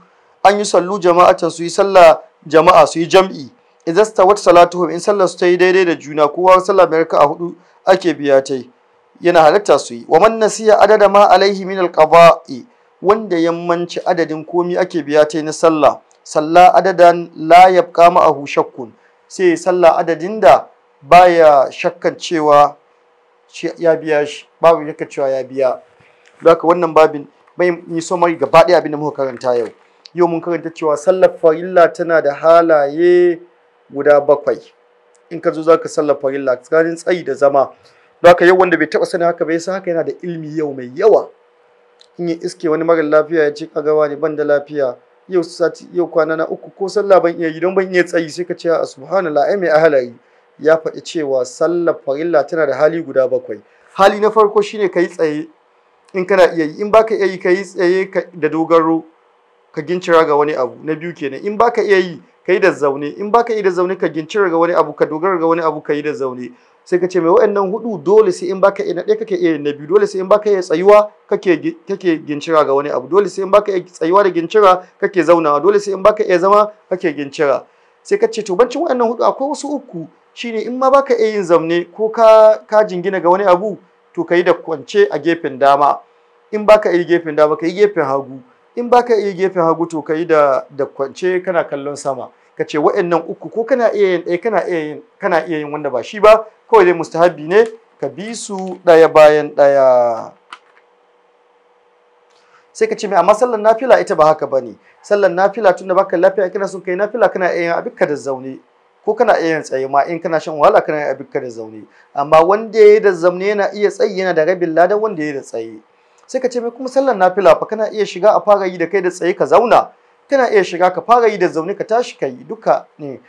an yi sallu jama'atan su yi sallah jama'a su yi jam'i idza wata hu in sallar su ta yi daidai da juna kowa sallar mai a hudu ake biya ta yi yana halatta su yi wa man nasiya adada ma alaihi min alqada'i wanda yammanci adadin komi ake biya ta yi na sallah salla adadan la yabqa ma'ahu shakkun sai salla adadin da baya shakkan cewa ya biya shi babu shakkan cewa ya biya haka wannan babin bai yi somari gaba ɗaya abin da muka karanta yau yau mun karanta cewa sallar farilla tana da halaye guda bakwai in ka zo zaka ka sallar farilla tsakanin tsayi da zama don haka yau wanda bai taba sani haka ba san haka yana da ilimi yau mai yawa in ya iske wani mara lafiya ya ce kagawa ne ban da lafiya yau sati yau kwana na uku ko sallah ban iya yi don ban iya tsayi sai ka ce a subhanallah ai mai ahalari ya faɗi cewa sallar farilla tana da hali guda bakwai hali na farko shine ka tsaye in kana iya yi in baka iya yi ka tsaye da dogaro ka gincira ga wani abu na biyu kenan in baka iya yi ka yi da zaune in baka iya da zaune ka gincira ga wani abu ka dogara ga wani abu ka yi da zaune sai ka ce mai wa'annan hudu dole sai in baka iya na ɗaya kake iya na biyu dole sai in baka iya tsayuwa kake kake gincira ga wani abu dole sai in baka iya tsayuwa da gincira kake zaunawa dole sai in baka iya zama kake gincira sai ka ce to bancin wa'annan hudu akwai wasu uku shine in ma baka iya yin zaune ko ka ka jingina ga wani abu to ka yi da kwance a gefen dama in baka iya gefen dama ka yi gefen hagu in ba ka iya gefen hagu to ka yi da kwance kana kallon sama ka ce wa'annan uku ko kana iya yin ɗaya eh, kana iya yin kana iya yin wanda ba shi ba kawai dai mustahabi ne ka bi su ɗaya bayan ɗaya sai ka ce mai amma sallan nafila ita ba haka bane sallar nafila tunda baka lafiya kana son kai nafila kana iya yin abin ka da zaune ko kana iya yin tsaye ma in kana shan wahala kana yin abin ka da zaune amma wanda ya yi da zaune yana iya tsayi yana da rabin ladan wanda ya yi da tsaye sai ka ce mai kuma sallar nafila fa kana iya shiga a fara yi da kai da tsaye ka zauna kana iya shiga ka fara yi da zaune ka tashi ka yi duka ne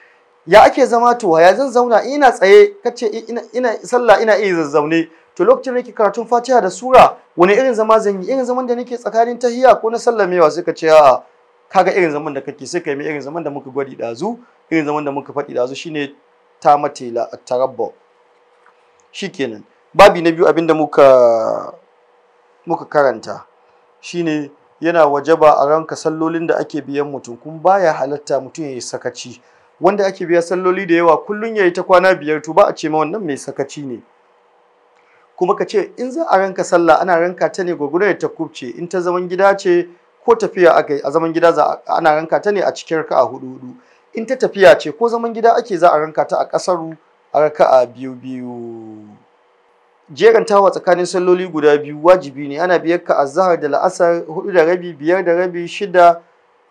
ya ake zama to ya zan zauna ina tsaye ka ce ina sallah ina iya zazzaune to lokacin nake karatun Fatiha da sura wani irin zama zan yi irin zaman da nake tsakanin tahiyya ko na sallamewa sai ka ce a'a kaga irin zaman da kake sai ka yi irin zaman da muka gwadi dazu irin zaman da muka faɗi dazu shine ta matela tarabba shikenan babi na biyu abinda muka muka karanta shine yana wajaba a ranka sallolin da ake biyan mutum kun baya halatta mutum ya yi sakaci wanda ake biya salloli da yawa kullum ya yi ta kwana biyar to ba a ce ma wannan mai sakaci ne kuma ka ce in za a ranka sallah ana ranka ta ne gwagwunar ta kubce in ta zaman gida ce ko tafiya a a zaman gida za ana ranka ta ne a cikin raka'a hudu hudu in ta tafiya ce ko zaman gida ake za a ranka ta a kasaru a raka'a biyu biyu jerantawa tsakanin salloli guda biyu wajibi ne ana biyar ka azahar da la'asar hudu da rabi biyar da rabi shida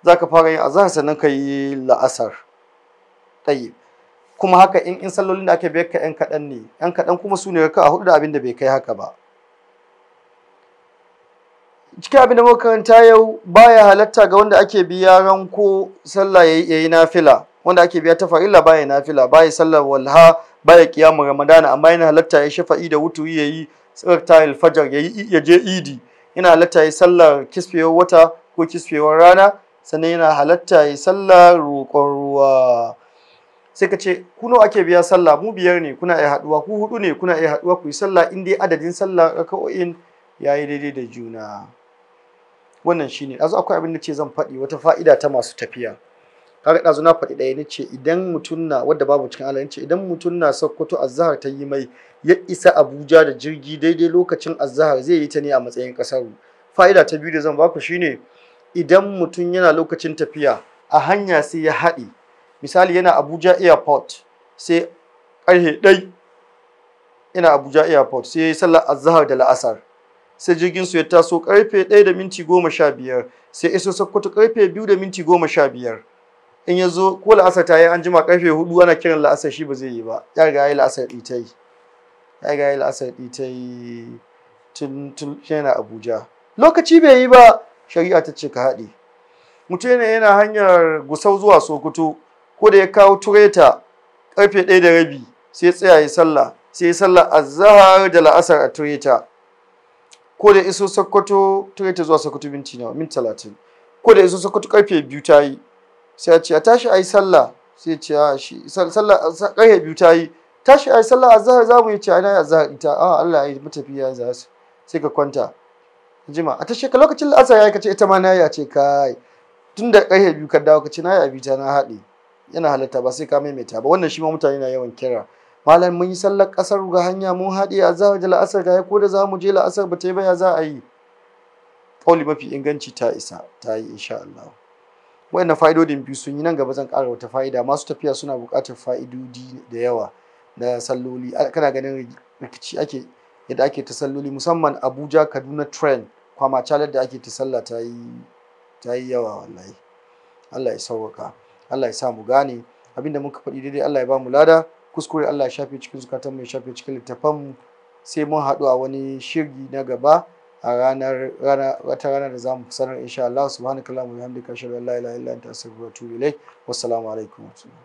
za ka fara yin azahar sannan ka yi la'asar kuma haka in in sallolin da ake biyar ka yan kaɗan ne yan kaɗan kuma su ne ka a hudu da abin da bai kai haka ba cikin abin da makaranta karanta yau baya halatta ga wanda ake biya ranko sallah yayi nafila wanda ake biya ta farilla baya nafila baya sallar walha baya kiyamun ramadana amma yana halatta ya shafa'i da wutu ya yi tsirta alfajar ya je idi yana halatta ya sallar kisfewar wata ko kisfewar rana sannan yana halatta ya sallar roƙon ruwa sai ka ce ku nawa ake biya sallah mu biyar ne kuna iya haɗuwa ku hudu ne kuna iya haɗuwa ku yi sallah in dai adadin sallah raka'o'in yayi daidai da juna wannan shine azu akwai abin da ce zan faɗi wata fa'ida ta masu tafiya kaga ɗazu na faɗi ɗaya nace idan mutum na Wanda babu cikin Allah nace idan mutum na Sokoto azhar ta yi mai ya isa Abuja da jirgi daidai lokacin azhar zai yi ta ne a matsayin kasar fa'ida ta biyu da zan baku shine idan mutum yana lokacin tafiya a hanya sai ya haɗe misali yana Abuja airport sai ƙarfe ɗai ina Abuja airport sai ya yi sallar azhar da la'asar sai jirgin su ya taso karfe ɗaya da minti goma sha biyar sai iso Sokoto karfe biyu da minti goma sha biyar in ya zo ko la'asar ta yi an jima karfe hudu ana kiran la'asar shi ba zai yi ba ya ga ya yi la'asar ɗi ta yi ya ga ya yi la'asar ɗi ta yi tun yana abuja lokaci bai yi ba shari'a ta ce ka haɗe mutum yana yana hanyar gusau zuwa sokoto ko da ya kawo tureta karfe ɗaya da rabi sai tsaya ya sallah sai ya sallah azahar da la'asar a tureta ko da iso sokoto tureta zuwa sokoto minti nawa minti talatin ko da iso sokoto karfe biyu ta yi sai ce a tashi a yi sallah sai ce a shi sallah ƙarfe biyu ta yi tashi a yi sallah a zahar za mu yi ce ana zahar ita a Allah ya yi matafiya za su sai ka kwanta jima a tashi ka lokacin la'asar ya yi ka ce ita ma na yi a ce kai tun da ƙarfe biyu ka dawo ka ce na yi abita na haɗe yana halatta ba sai ka maimaita ba wannan shi ma mutane na yawan kira malam mun yi sallar ƙasar ga hanya mun haɗe a zahar da la'asar ga ko da za mu je la'asar ba ta yi ba ya za a yi ƙauli mafi inganci ta isa ta yi insha Allah wayannan fa'idodin biyu sun yi nan gaba zan ƙara wata fa'ida masu tafiya suna buƙatar fa'idodi da yawa na salloli kana ganin rikici ake yadda ake ta salloli musamman abuja kaduna train kwama calar da ake ta salla ta yi ta yi yawa wallahi allah ya sauwaka allah ya sa mu gane abinda muka faɗi daidai allah ya ba mu lada kuskure allah ya shafe cikin zukatan mai shafe cikin littafan mu sai mun haɗu a wani shirgi na gaba a ranar wata ranar da zamu sanar insha Allah subhanakallahumma wa bihamdika ashhadu an la ilaha illa anta astaghfiruka wa atubu ilaik wassalamu alaikum